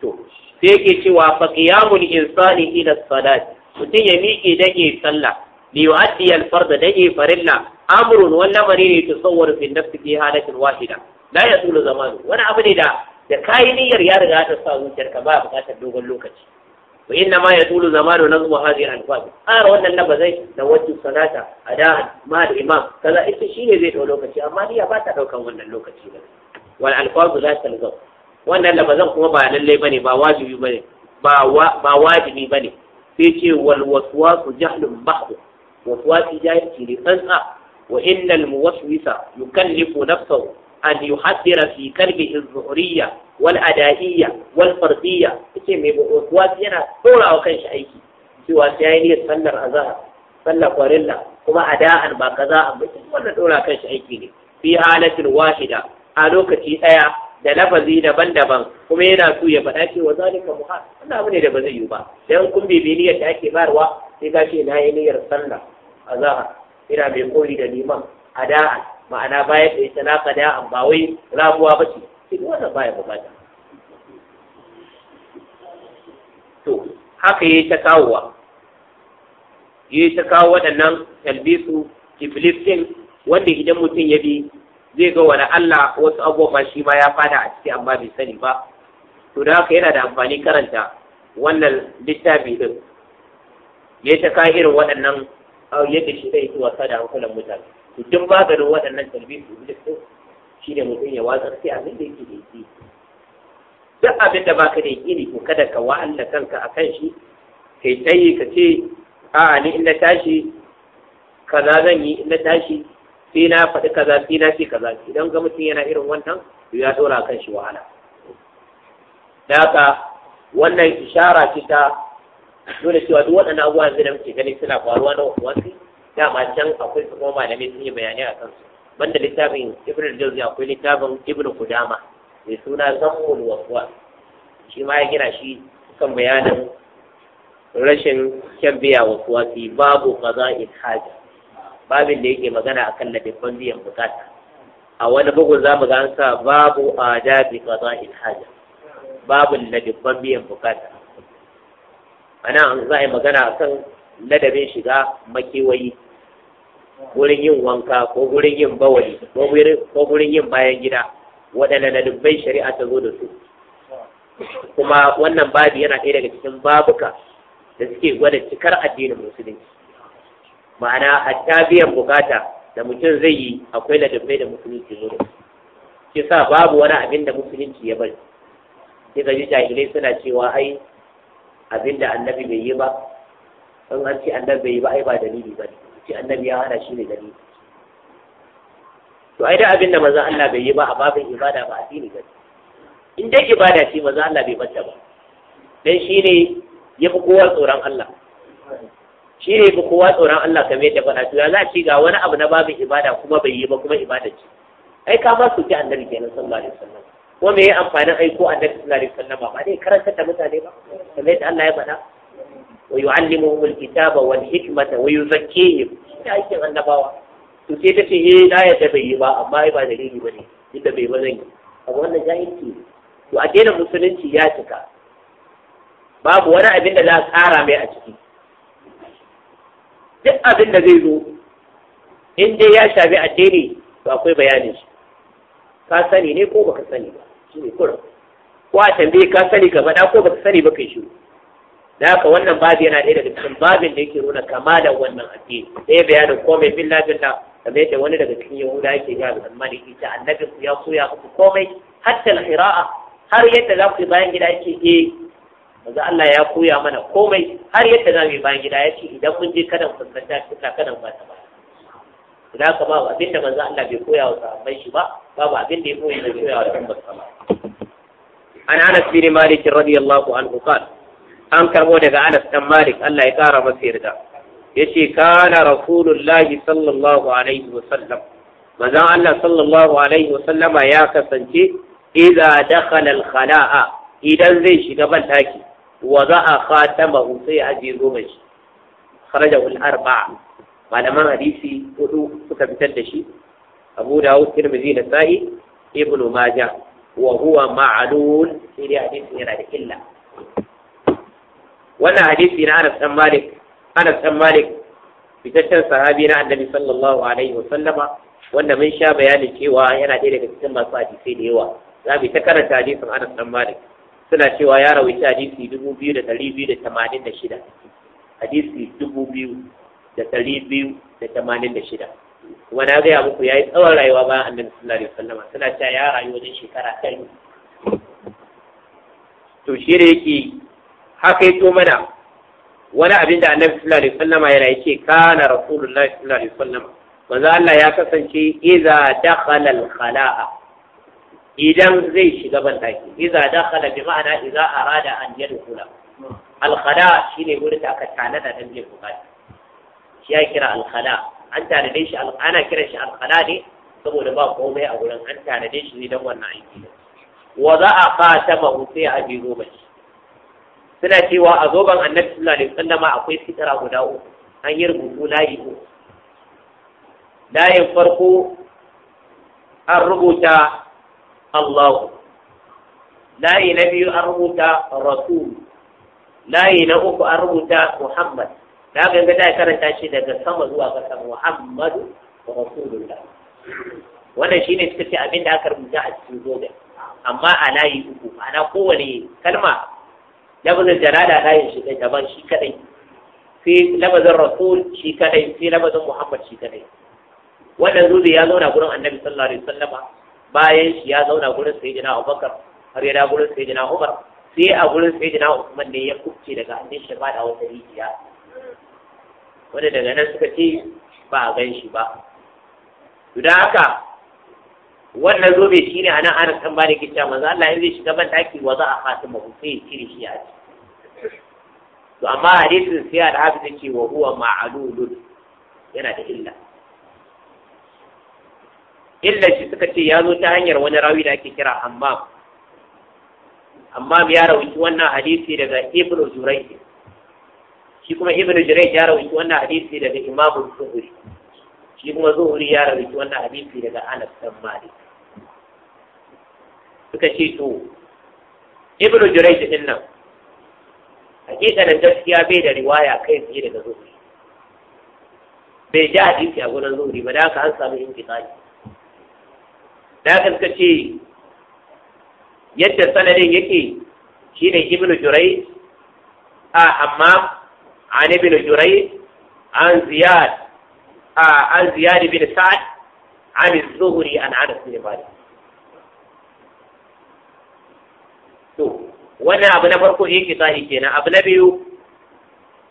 A: to sai yake cewa fa qiyamul insani ila salati mutum ya miƙe dan yayi sallah li yu'addi al farda dan yayi farilla amrun wani lamari ne ta tsawar fi nafsi fi halatin wahida la zama zamanu wani abu ne da da kayi niyyar ya riga ta sa ka ba a buƙatar dogon lokaci wa inna ma yasulu na nazmu hadhihi al-anfas ara wannan na zai da sanata a adaan ma da imam kaza ita ne zai dau lokaci amma niyya ba ta daukan wannan lokaci ba wal alfaz la talzam wannan labazan kuma ba ba bane ba wajibi bane ba ba wajibi bane sai ce wal waswasu jahlun ba'd waswasi jahilci ne tsantsa wa mu muwaswisa mu nafsahu an yuhaddira fi kalbihi az-zuhriyya wal adaiyya wal mai yace me wasu yana tura wa kanshi aiki cewa sai yayin yin sallar zahar? sallar farilla kuma ada'an ba kaza an bace wannan tura kanshi aiki ne fi halatin wahida a lokaci ɗaya da lafazi daban-daban kuma yana so ya faɗa cewa mu muhal wannan abu ne da ba zai yiwu ba dan kun bibi niyyar da ake bayarwa sai ce na yi niyyar sallar zahar. Ina mai koyi da liman a ada'an ma'ana bayan da ita naka da'an ba wai rabuwa ba ce duk wannan baya bukata to haka yayi ta kawowa yayi ta kawo waɗannan talbisu iblis din wanda idan mutum ya bi zai ga wani Allah wasu abubuwa shi ma ya fada a ciki amma bai sani ba to da haka yana da amfani karanta wannan littafi din ya ta kawo irin waɗannan a yadda shi zai yi wasa da hankulan mutane to duk maganin waɗannan su iblis su shi ne mutum ya watsar sai abin da yake da yake duk abin da baka da yake ko kada ka wa'alla kanka a kan shi kai tsaye ka ce a'a ni in na tashi kaza zan yi in na tashi sai na faɗi kaza sai na ce kaza idan ga mutum yana irin wannan to ya a kan shi wahala da haka wannan ishara ce ta dole cewa duk waɗannan abubuwa da muke gani suna faruwa na wasu dama can akwai su kuma malamai sun yi bayanai a kansu banda littafin ibn jauzi akwai littafin ibn kudama mai suna zammul waswa shi ma ya gina shi kan bayanin rashin kyan biya wasu, babu in haja babin da yake magana akan ladabban biyan bukata a wani bugun za mu ga sa babu adabi in haja babin ladabban biyan bukata ana an za a yi magana a kan ladabin shiga makewayi wurin yin wanka ko wurin yin bawali ko wurin yin bayan gida waɗanda ladabbai shari'a ta zo da su kuma wannan babi yana ɗaya daga cikin babuka da suke gwada cikar addinin musulunci ma'ana hatta biyan bukata da mutum zai yi akwai ladabai da musulunci zo da su sa babu wani abin da musulunci ya bari sai ga jahilai suna cewa ai Abin da annabi bai yi ba in an ce annabi bai yi ba ai ba dalili ba ne ce annabi ya hana shi ne dalili to ai da abinda manzon Allah bai yi ba a babin ibada ba addini ba in dai ibada ce manzon Allah bai bata ba dan shi ya yafi kowa tsoron Allah shi ne fi kowa tsoron Allah kamar yadda faɗa to ya za a ce ga wani abu na babin ibada kuma bai yi ba kuma ibada ce ai ka ba su ci annabi kenan sallallahu alaihi wasallam ko me ya amfanin aiko annabi sallallahu alaihi wasallam ba dai karanta da mutane ba kamar yadda Allah ya faɗa wa yu'allimuhum alkitaba wal hikmata wa yuzakkihim ita aikin annabawa to sai ta ce eh da ta bai yi ba amma ai ba dalili bane inda bai ba zan yi abu wannan jahilci to addinin musulunci ya cika babu wani abin da za a tsara mai a ciki duk abin da zai zo in dai ya shafi addini to akwai bayanin shi ka sani ne ko baka sani ba shi ne kurin ko a tambaye ka sani ka faɗa ko baka sani ba kai shiru da haka wannan babu yana ɗaya daga cikin babin da yake nuna da wannan addini ɗaya bayanin komai billa billa kamar yadda wani daga cikin yahuda yake ga al'ammani ita annabin ku ya koya muku komai hatta al-qira'a har yadda za ku yi bayan gida yake eh manzo Allah ya koya mana komai har yadda za mu yi bayan gida yake idan mun je kadan fuskanta kita kadan ba ta ba da haka babu abin da manzo Allah bai koya wa sahabbai shi ba babu abin da ya koya da koya wa sahabbai sama an Anas bin Malik radiyallahu anhu qala an karbo daga Anas dan Malik Allah ya kara masa yarda yace kana rasulullahi sallallahu alaihi wa sallam manzo Allah sallallahu alaihi wa sallama ya kasance idza dakhala al-khala'a idan zai shiga ban taki. wa za'a khatamahu sai aje goma shi kharajahu al-arba'a malaman hadisi hudu suka fitar da shi abu dawud tirmidhi da sa'i ibn maja wa huwa ma'lul sai dai hadisi yana da illa wannan hadisi na Anas dan Malik Anas dan Malik fitaccen sahabi na Annabi sallallahu alaihi wa sallama wanda mun sha bayanin cewa yana ɗaya daga cikin masu hadisai da yawa za mu ta karanta hadisin Anas dan Malik suna cewa ya rawaita hadisi dubu biyu da ɗari biyu da tamanin da shida hadisi dubu biyu da ɗari biyu da tamanin da shida kuma na gaya muku ya yi tsawon rayuwa bayan annabi sallallahu alaihi wasallama suna cewa ya rayu wajen shekara ɗari to shi da yake haka yato mana wani abin da annabi sallallahu alaihi wasallama yana yake kana rasulullahi sallallahu alaihi wasallama manzo Allah ya kasance idza dakhala al-khala'a idan zai shiga ban daki idza dakhala bi ma'ana idza arada an yadkhula al-khala'a shine wurin da aka tanada dan je bukata shi ya kira alkhala an tanade shi ana kira shi alkhala ne saboda ba komai a gurin an tanade shi ne don wannan aiki ne wa za a khatama sai a bi goma shi suna cewa a zoben annabi sallallahu alaihi wasallam akwai fitara guda uku an yi rubutu layi uku layin farko an rubuta Allahu. layi na biyu an rubuta Rasul layi na uku an rubuta Muhammad da haka yanzu da karanta shi daga sama zuwa sama Muhammadu Rasulullah wannan shine suka ce abin da aka rubuta a cikin zoga amma a layi uku ana kowane kalma lafazin jalala layin shi kai daban shi kadai sai lafazin rasul shi kadai sai lafazin muhammad shi kadai wannan zubi ya zauna gurin annabi sallallahu alaihi wasallama bayan shi ya zauna gurin sayyidina abubakar har ya da gurin sayyidina umar sai a gurin sayyidina usman ne ya kubce daga annabi shi ba da wata rijiya wanda daga nan suka ce ba a gan shi ba duda haka wannan zobe shi ne a nan ana kan da kicciya maza Allah yanzu shiga ban daki wa za a fata mahu sai ya cire shi a ciki to amma hadisin sai da ta ce wa huwa ma'lulun yana da illa illa shi suka ce ya zo ta hanyar wani rawi da ake kira hammam hammam ya rawaci wannan hadisi daga ibnu zurayh shi kuma ibnu jurayj ya rawaito wannan hadisi daga imamu zuhri shi kuma zuhri ya rawaito wannan hadisi daga anas dan malik suka ce to ibnu jurayj din nan hakikanin gaskiya bai da riwaya kai tsaye daga zuhri bai ji hadisi a gurin zuhri ba da haka an samu inqita'i da haka suka ce yadda sanadin yake shine ibnu jurayj a amma عن ابن جريج عن زياد آه عن زياد بن سعد عن الزهري عن انس بن مالك to wannan abu na farko yake tsari kenan abu na biyu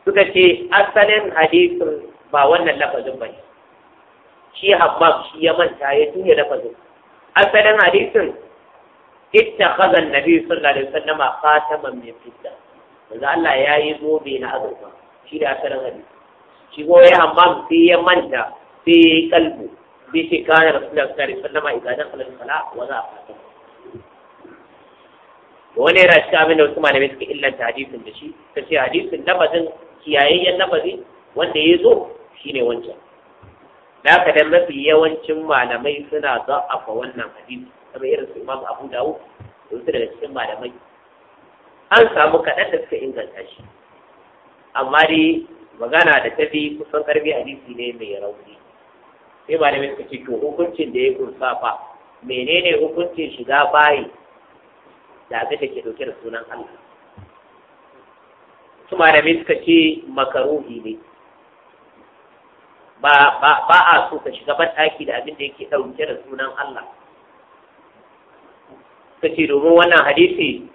A: suka ce asalin hadisin ba wannan lafazin ba ne shi habbab shi ya manta ya tuya lafazin asalin hadisin itta khazan nabi sallallahu alaihi wasallam khataman min fitna manzo Allah yayi zobe na azurfa shi da asalin hadisi shi ko ya amma sai ya manta sai ya yi kalbu sai ce kana rasulullah sallallahu alaihi wasallam idan dakhala al-sala wa za a wani yana shi abin da wasu malamai suka illanta hadisin da shi ta ce hadisin lafazin kiyayayyen lafazi wanda ya zo shine wancan da aka dan mafi yawancin malamai suna za'afa wannan hadisi kamar irin su imam abu dawud da wasu daga cikin malamai an samu kaɗan da suka inganta shi amma dai magana da tafi kusan karfi hadisi ne mai rauni sai da suka ce to hukuncin da ya kunsa fa menene hukuncin shiga bayi da abin da ke dauke da sunan Allah kuma malamai suka ce makaruhi ne ba a so ka shiga banɗaki da abin da yake ɗauke da sunan Allah suka ce domin wannan hadisi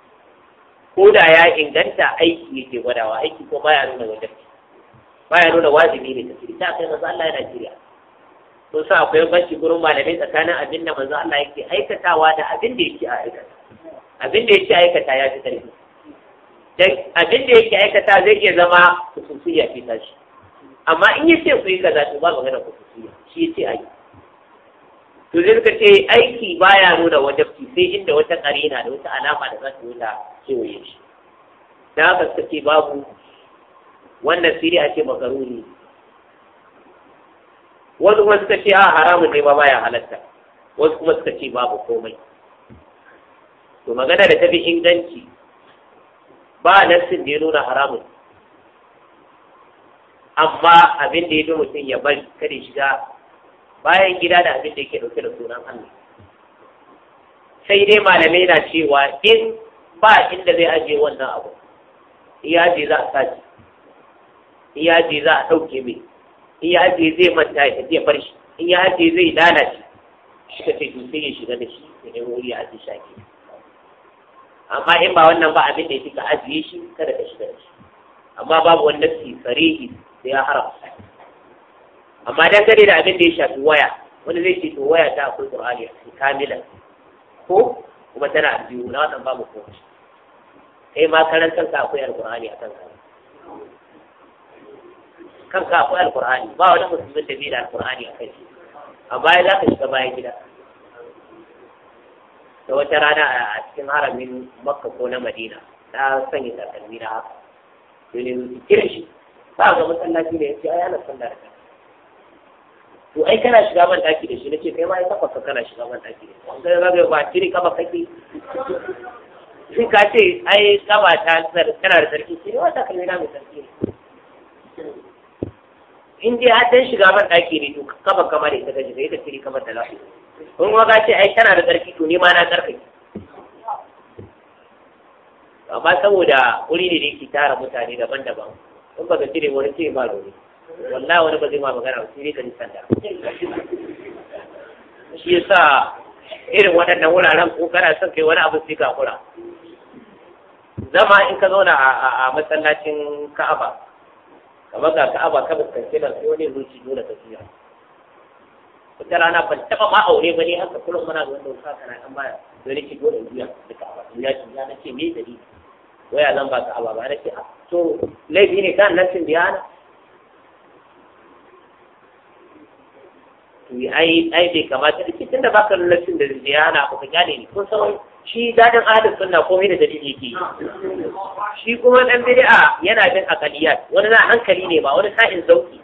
A: ko da ya inganta aiki yake gwadawa aiki ko baya nuna wajen baya nuna wajibi ne tafiya ta kai maza Allah yana shirya sun sa akwai banci gurin malamai tsakanin abin da maza Allah yake aikatawa da abin da yake aikata abin da yake aikata ya fi karfi dan abin da yake aikata zai iya zama ya fi tashi amma in ya ce kuyi yi kaza to ba magana ya, shi ya ce ai to zai ka ce aiki baya nuna wajabci sai inda wata karina da wata alama da za ta wuta kewaye shi da haka suka babu wannan siri a ce makaruni wasu kuma suka ce a haramun ne ba baya halatta wasu kuma suka ce babu komai to magana da tafi inganci ba nassin da ya nuna haramun amma abin da ya fi mutum ya bari kada shiga bayan gida da abin da yake dauke da sunan Allah
B: sai dai malamai na
A: cewa in ba inda zai ajiye wannan abu ajiye za a sace ajiye za a ɗauke mai ajiye zai manta ya tafiya bar shi ajiye zai lalace shi ka ce to sai ya shiga da shi ya ne wuri a jisha ke amma in ba wannan ba abin da ya fi ka ajiye shi kada ka shiga da shi amma babu wanda ke sarihi sai ya haramta amma dan dangane da abin da ya shafi waya wani zai ce to waya ta akwai qur'ani kamilan ko kuma tana biyu na wannan babu kowace. kai ma karan kanka akwai alkur'ani a kanka kanka akwai alkur'ani ba wani musulmin da bai da alkur'ani a kai a baya za ka shiga bayan gida da wata rana a cikin haramin makka ko na madina na sanya takalmi na haka domin kira shi ba ga masallaci da ya ce ai ana da kai. to ai kana shiga ban daki da shi nace kai ma ai kafa kana shiga ban daki da shi ba kiri kafa kake in ka ce ai kama ta tana da sarki shi ne wata kalmi na mai sarki ne in dai har dan shiga ban daki ne to kaba kama da ita gaji sai ka tiri kamar da lafi in kuma ka ce ai tana da sarki to ne ma na sarki amma saboda wuri ne da yake tara mutane daban-daban in ka cire wani ce ba dole wallahi wani ba zai ma magana ba sai dai ka ji sanda
B: shi yasa irin waɗannan wuraren ko
A: kana son kai wani abu sai ka kura zama in ka zauna a matsalacin ka'aba kamar ga ka'aba ka fuskanci da sai ne zuci nuna tafiya wata rana ban taba ma aure ba ne haka kullum muna zuwa wanda wuka kana kan baya da nake dole in biya da ka'aba in ya ya nake me dalili waya zan ba ka'aba ba nake a ah, to laifi ne kan nan cin biyana to yi ai bai kamata da cikin da baka lullacin da zai ya hana ka gane ne kun san shi dadin ahlus sunna komai da dalili yake
B: shi kuma dan bid'a
A: yana bin aqaliyat wani na hankali ne ba wani sa'in zauki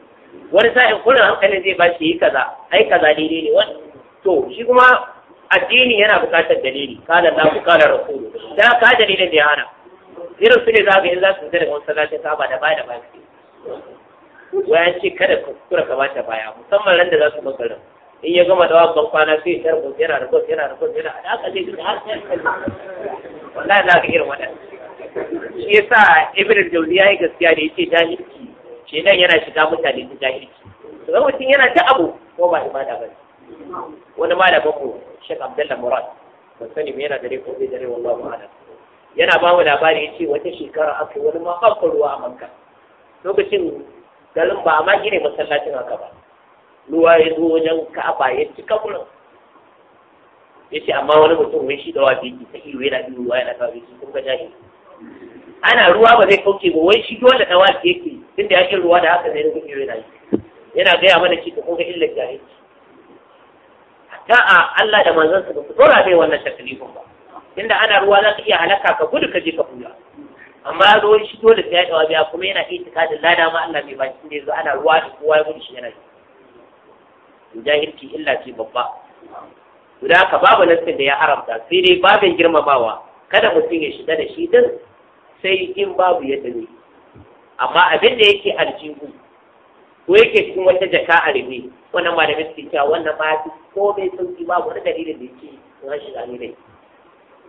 A: wani sa'in kullun hankalin zai bashi yi kaza ai kaza daidai ne wani to shi kuma addini yana buƙatar dalili kala Allah ku kala rasulu da ka dalilin da ya hana irin su ne za ga in za su fita daga masallacin saba da ba da ba ya ce kada ka kura ka bata baya musamman ran da za su bakarin in ya gama da ban kwana sai ya tarbo yana da bot yana da bot yana da aka zai duka har sai wallahi na ga irin waɗannan shi yasa ibnu jawzi yayi gaskiya da yace jahilci shi nan yana shiga mutane su jahilci to ga mutum yana ta abu ko ba ibada ba wani malamin ku Sheikh Abdullah Murad ban sani me yana dare ko bai dare wallahi ma'ana yana ba mu labari yace wata shekara aka wani ma ruwa a Makka lokacin galin ba ma gine masallacin haka ba ruwa ya zo wajen ka'aba ya ci gurin ya ce amma wani mutum wai shi da wafi ki ta iyo yana biyu ruwa yana kawo shi kun ga jahi ana ruwa ba zai kauce ba wai shi dole da wafi yake tunda ya ce ruwa da haka zai rinka iyo yana yi yana gaya mana shi ka kun ga illar jahi da'a Allah da manzansa ba su tsora bai wannan shakali ba inda ana ruwa za ka iya halaka ka gudu ka je ka hula amma ya zo wani shi dole sai ya dawa biya kuma yana da lada ma Allah mai baki ne zo ana ruwa da kowa ya gudu shi yana In jahilci illa ce babba guda ka babu nassin da ya haramta sai dai babin girmamawa kada mutum ya shiga da shi din sai in babu yadda ne amma abin da yake aljihu ko yake cikin wata jaka a rime wannan malamin suke cewa wannan ma komai sauki babu wani dalilin da yake an shiga ne dai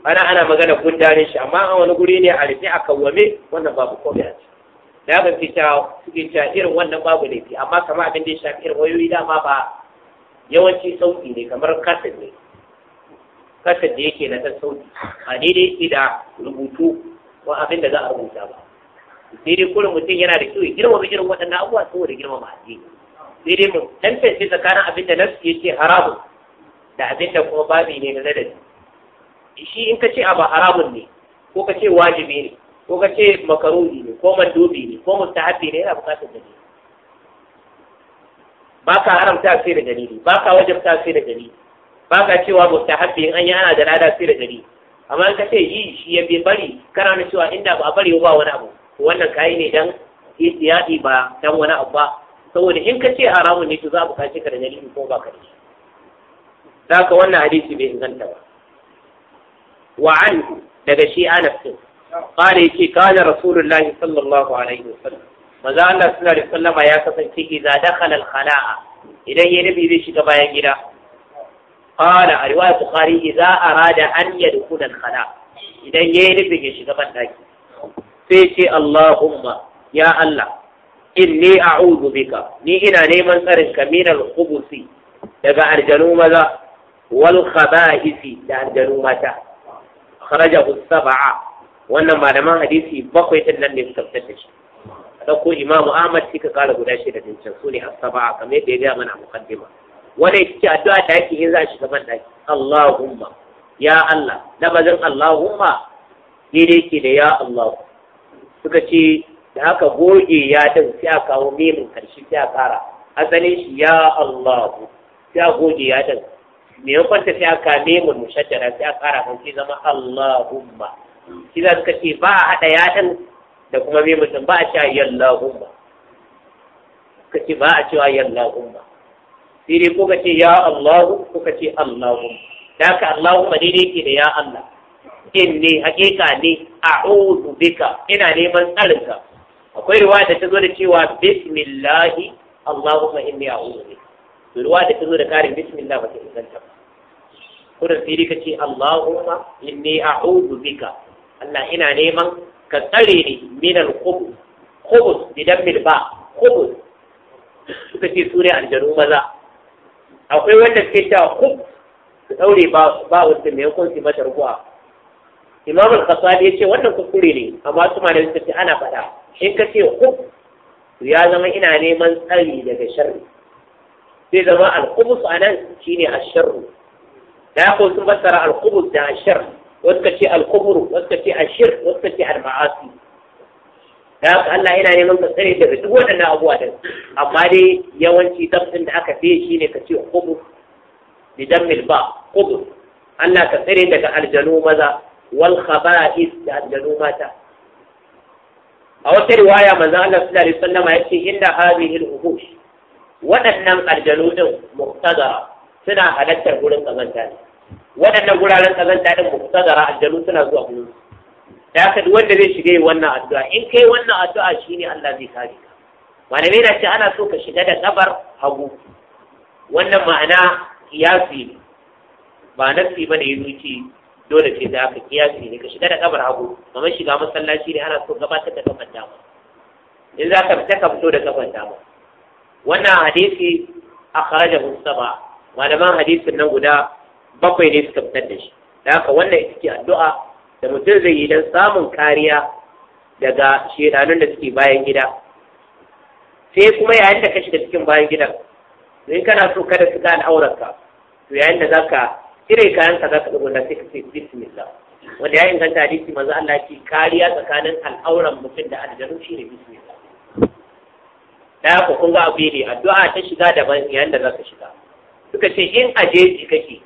A: ana ana magana gudanin shi amma a wani guri ne a rufe a kawwame wannan babu komai a ciki da haka fi cewa suke cewa irin wannan babu laifi amma kamar abin da ya shafi irin wayoyi dama ba yawanci sauki ne kamar kasin ne kasin da yake na ta sauki a daidai yake da rubutu ko abin da za a rubuta ba sai dai kullum mutum yana da kyau ya girmama irin waɗannan abubuwa saboda girmama addini sai dai mu tantance tsakanin abin da nafsi ce haramun da abin da kuma babi ne na ladabi shi in ka ce abu haramun ne ko ka ce wajibi ne ko ka ce makaruni ne ko mandobi ne ko mustahabi ne yana bukatar dalili ba ka haramta sai da dalili ba ka wajabta sai da dalili ba ka cewa mustahabi in an yi ana da lada sai da dalili amma in ka ce yi shi ya fi bari kana na cewa inda ba a bari ba wani abu wannan kayi ne dan ihtiyadi ba dan wani abu ba saboda in ka ce haramun ne to za a bukaci ka da dalili ko ba ka da shi. ka wannan hadisi bai inganta ba. wa daga shi Anas din qala yake kana rasulullahi sallallahu alaihi wasallam maza Allah sallallahu alaihi wasallam ya kasance idza dakhala al-khala'a idan ya nabi zai shiga bayan gida qala a riwayat bukhari idza arada an yadkhula al-khala'a idan ya nabi ya shiga ban daki sai ce Allahumma ya Allah inni a'udhu bika ni ina neman tsarin ka min al-khubusi daga aljanu maza wal khaba'isi da aljanu mata kharajahu sab'a wannan malaman hadisi bakwai din nan ne suka fitar da shi dauko imamu ahmad shi ka kara guda shida din can sune as-sab'a kamar yadda ya ga mana muqaddima wannan yake ce addu'a da yake yin za shi gaban daki Allahumma ya Allah bazan Allahumma da yake da ya Allah suka ce da haka goge ya din sai a kawo memin karshe sai a kara asalin shi ya Allah sai a goge ya din me ya kwanta sai aka lemul mushaddara sai aka kara mun zama Allahumma shi za suka ce ba a haɗa yaɗan da kuma me mutum ba a cewa yallahumma suka ce ba a cewa yallahumma sai dai ko ka ce ya Allahu ko ka ce Allahumma da ka Allahumma daidai ke da ya Allah in ne haƙiƙa ne ozu bika ina neman tsarinka akwai ruwa da ta zo da cewa bismillahi Allahumma inni a'udhu to ruwa da tazo da karin bismillah ba ta inganta ba kudan fili ka ce Allahumma inni a'udhu bika Allah ina neman ka tsare ni min al-khubus khubus bidan ba khubus suka ce sune aljanu maza akwai wanda suke cewa khubus su daure ba ba wanda mai hukunci ba tarbuwa Imam al qasabi yace wannan kuskure ne amma su ma ne suka ce ana faɗa in ka ce khubus ya zama ina neman tsari daga sharri zai zama alkubus a nan shi ne asharru da ya sun fassara alkubus da ashar wasu ka ce alkuburu wasu ka ce ashir wasu ka ce alma'asi da haka Allah yana neman ka da daga duk waɗannan abubuwa din amma dai yawanci tafsirin da aka fiye shi ne ka ce kubur bi dammil ba kubur Allah ka tsare daga aljanu maza wal khaba'is da aljanu mata a wata riwaya manzon Allah sallallahu alaihi wasallam ya ce inda hadhihi al-uhush waɗannan aljanu ɗin muktazara suna halattar gurin ƙazanta ne waɗannan guraren kazanta Muktaza muktazara aljanu suna zuwa gurin da haka duk wanda zai shiga wannan addu'a in kai wannan addu'a shine Allah zai kare ka malamai na ce ana so ka shiga da kabar hagu wannan ma'ana kiyasi ba nafi ba ne zuci dole ce da ka kiyasi ne ka shiga da kabar hagu kamar shiga masallaci ne ana so gabatar da kafar dama in za ka fita ka fito da kafar dama wannan hadisi akhrajahu sab'a malaman hadisin nan guda bakwai ne suka fitar da shi da haka wannan ita ce addu'a da mutum zai yi don samun kariya daga shedanun da suke bayan gida sai kuma yayin da ka shiga cikin bayan gidan in kana so kada su ga al'aurarka to yayin da zaka kire kayan ka zaka dubo da sai ka ce bismillah wanda ya inganta hadisi manzo Allah ce kariya tsakanin al'auran mutum da aljanu ne bismillah da ya kun ga akwai ne addu'a ta shiga daban za zaka shiga suka ce in a ji kake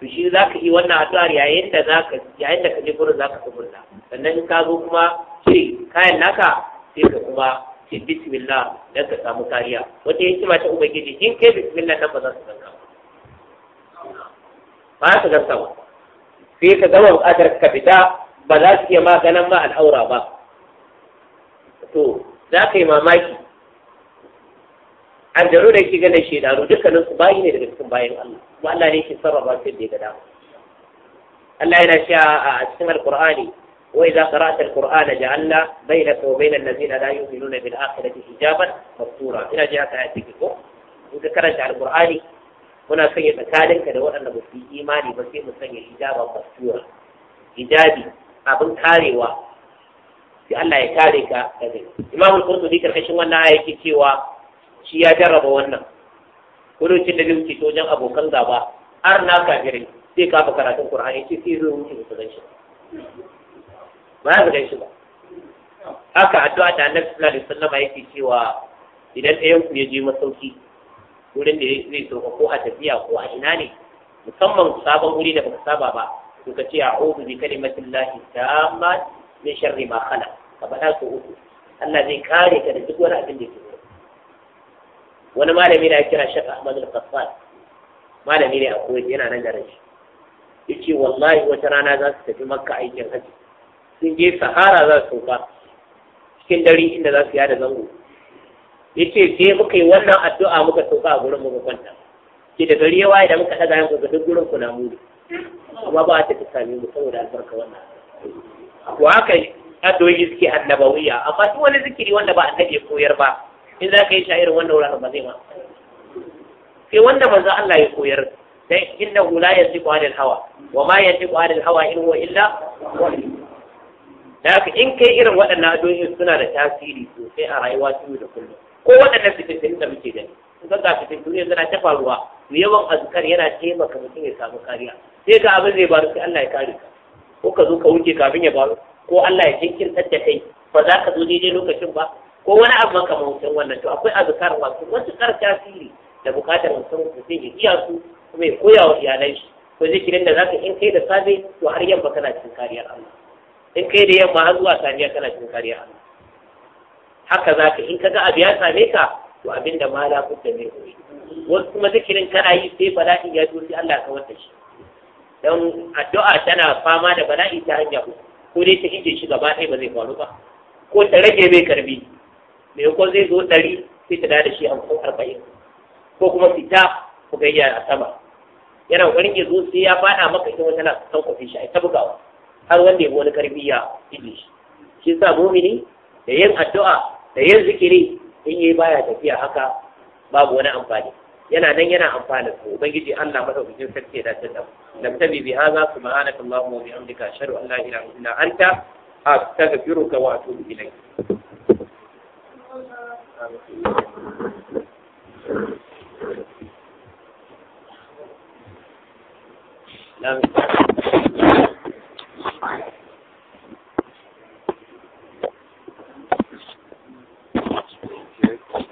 A: to shi za ka yi wannan addu'ar yayin da za ka yayin da ka je gurin za ka kuburta sannan in ka zo kuma ce kayan naka sai ka kuma ce bismillah dan ka samu kariya wata yake ma ta ubangiji in kai bismillah nan ba za ka. ganka ba za su ganka sai ka zama buƙatar ka fita ba za su iya maganan ma al'aura ba to za ka yi mamaki aljanu da yake ganin shaidaru dukkanin su bayi ne daga cikin bayan Allah kuma Allah ne yake sarrafa su da ya gada. Allah yana cewa a cikin alqur'ani wa idza qara'ta alqur'ana ja'alna bainaka wa bainal ladzina la yu'minuna bil akhirati hijaban mastura ina ji haka ayati ko in ka karanta alqur'ani muna sanya tsakaninka da waɗanda ba su yi imani ba sai mu sanya hijaban mastura hijabi abin karewa sai Allah ya kare ka daga Imam Al-Qurtubi karkashin wannan ayati cewa shi ya jarraba wannan cin da zai wuce ta wajen abokan gaba har na kafire zai kafa karatun qur'ani ce sai zai wuce da su shi ba ya gan shi ba haka addu'a da annabi sallallahu alaihi wasallam yake cewa idan ɗayan ku ya je masauki wurin da zai sauka ko a tafiya ko a ina ne musamman sabon wuri da baka saba ba to ka ce a'udhu bi kalimatillahi tammat min sharri ma khala ka faɗa ko uku Allah zai kare ka da duk wani abin da ke wani malami da kira shek Ahmad al-Qassal malami ne a Kuwait yana nan garin shi yace wallahi wata rana za su tafi Makka aikin haji sun je Sahara za su sauka cikin dare inda za su yada zango yace sai muka yi wannan addu'a muka sauka a gurin muka kwanta ke da dare yawa idan muka daga yanku ga duk gurin ku na muni amma ba ta ta sami mu saboda albarka wannan ko haka addu'o'i suke annabawiya amma duk wani zikiri wanda ba annabi koyar ba in za ka yi shi a irin wannan wuraren ba zai ma sai wanda manzo Allah ya koyar sai innahu la yasiqu adal hawa wa ma yasiqu adal hawa in huwa illa da in kai irin waɗannan adoyin suna da tasiri sosai a rayuwa ta yau da kullum ko waɗannan fitattun da muke gani in ka ga fitattun yanzu na ta faruwa Mu yawan azkar yana taimaka mutum ya samu kariya sai ga abin zai baro sai Allah ya kare ka ko ka zo ka wuce kafin ya baro? ko Allah ya jinkirtar da kai ba za ka zo daidai lokacin ba ko wani abu makamancin wannan to akwai azkar masu kar tasiri da buƙatar mutum zai yi iya su kuma ya koya wa iyalai shi ko kiran da zaka in kai da safe to har yamma kana cikin kariyar Allah in kai da yamma har zuwa saniya kana cikin kariyar Allah haka zaka in kaga abu ya same ka to abinda da mala da ne wasu kuma zikirin kana yi sai bala'i ya zo sai Allah ka wata shi Dan addu'a tana fama da bala'i ta hanya ko dai ta ije shi gaba ɗaya ba zai faru ba ko ta rage mai karbi ko zai zo ɗari sai ta da shi hamsin arba'in ko kuma fita ku gayya a sama yana ƙoƙarin ya zo sai ya faɗa maka ita wata na sauƙafe shi a ta bugawa har wanda ya wani ƙarfi ya ije shi shi sa mumini da yin addu'a da yin zikiri in yi baya tafiya haka babu wani amfani yana nan yana amfani su ubangiji Allah madaukakin sarki ya dace da mu lam tabi bi hadha subhanaka wa bihamdika ashhadu an la ilaha illa anta astaghfiruka wa atubu ilayk Now,
B: Thank you.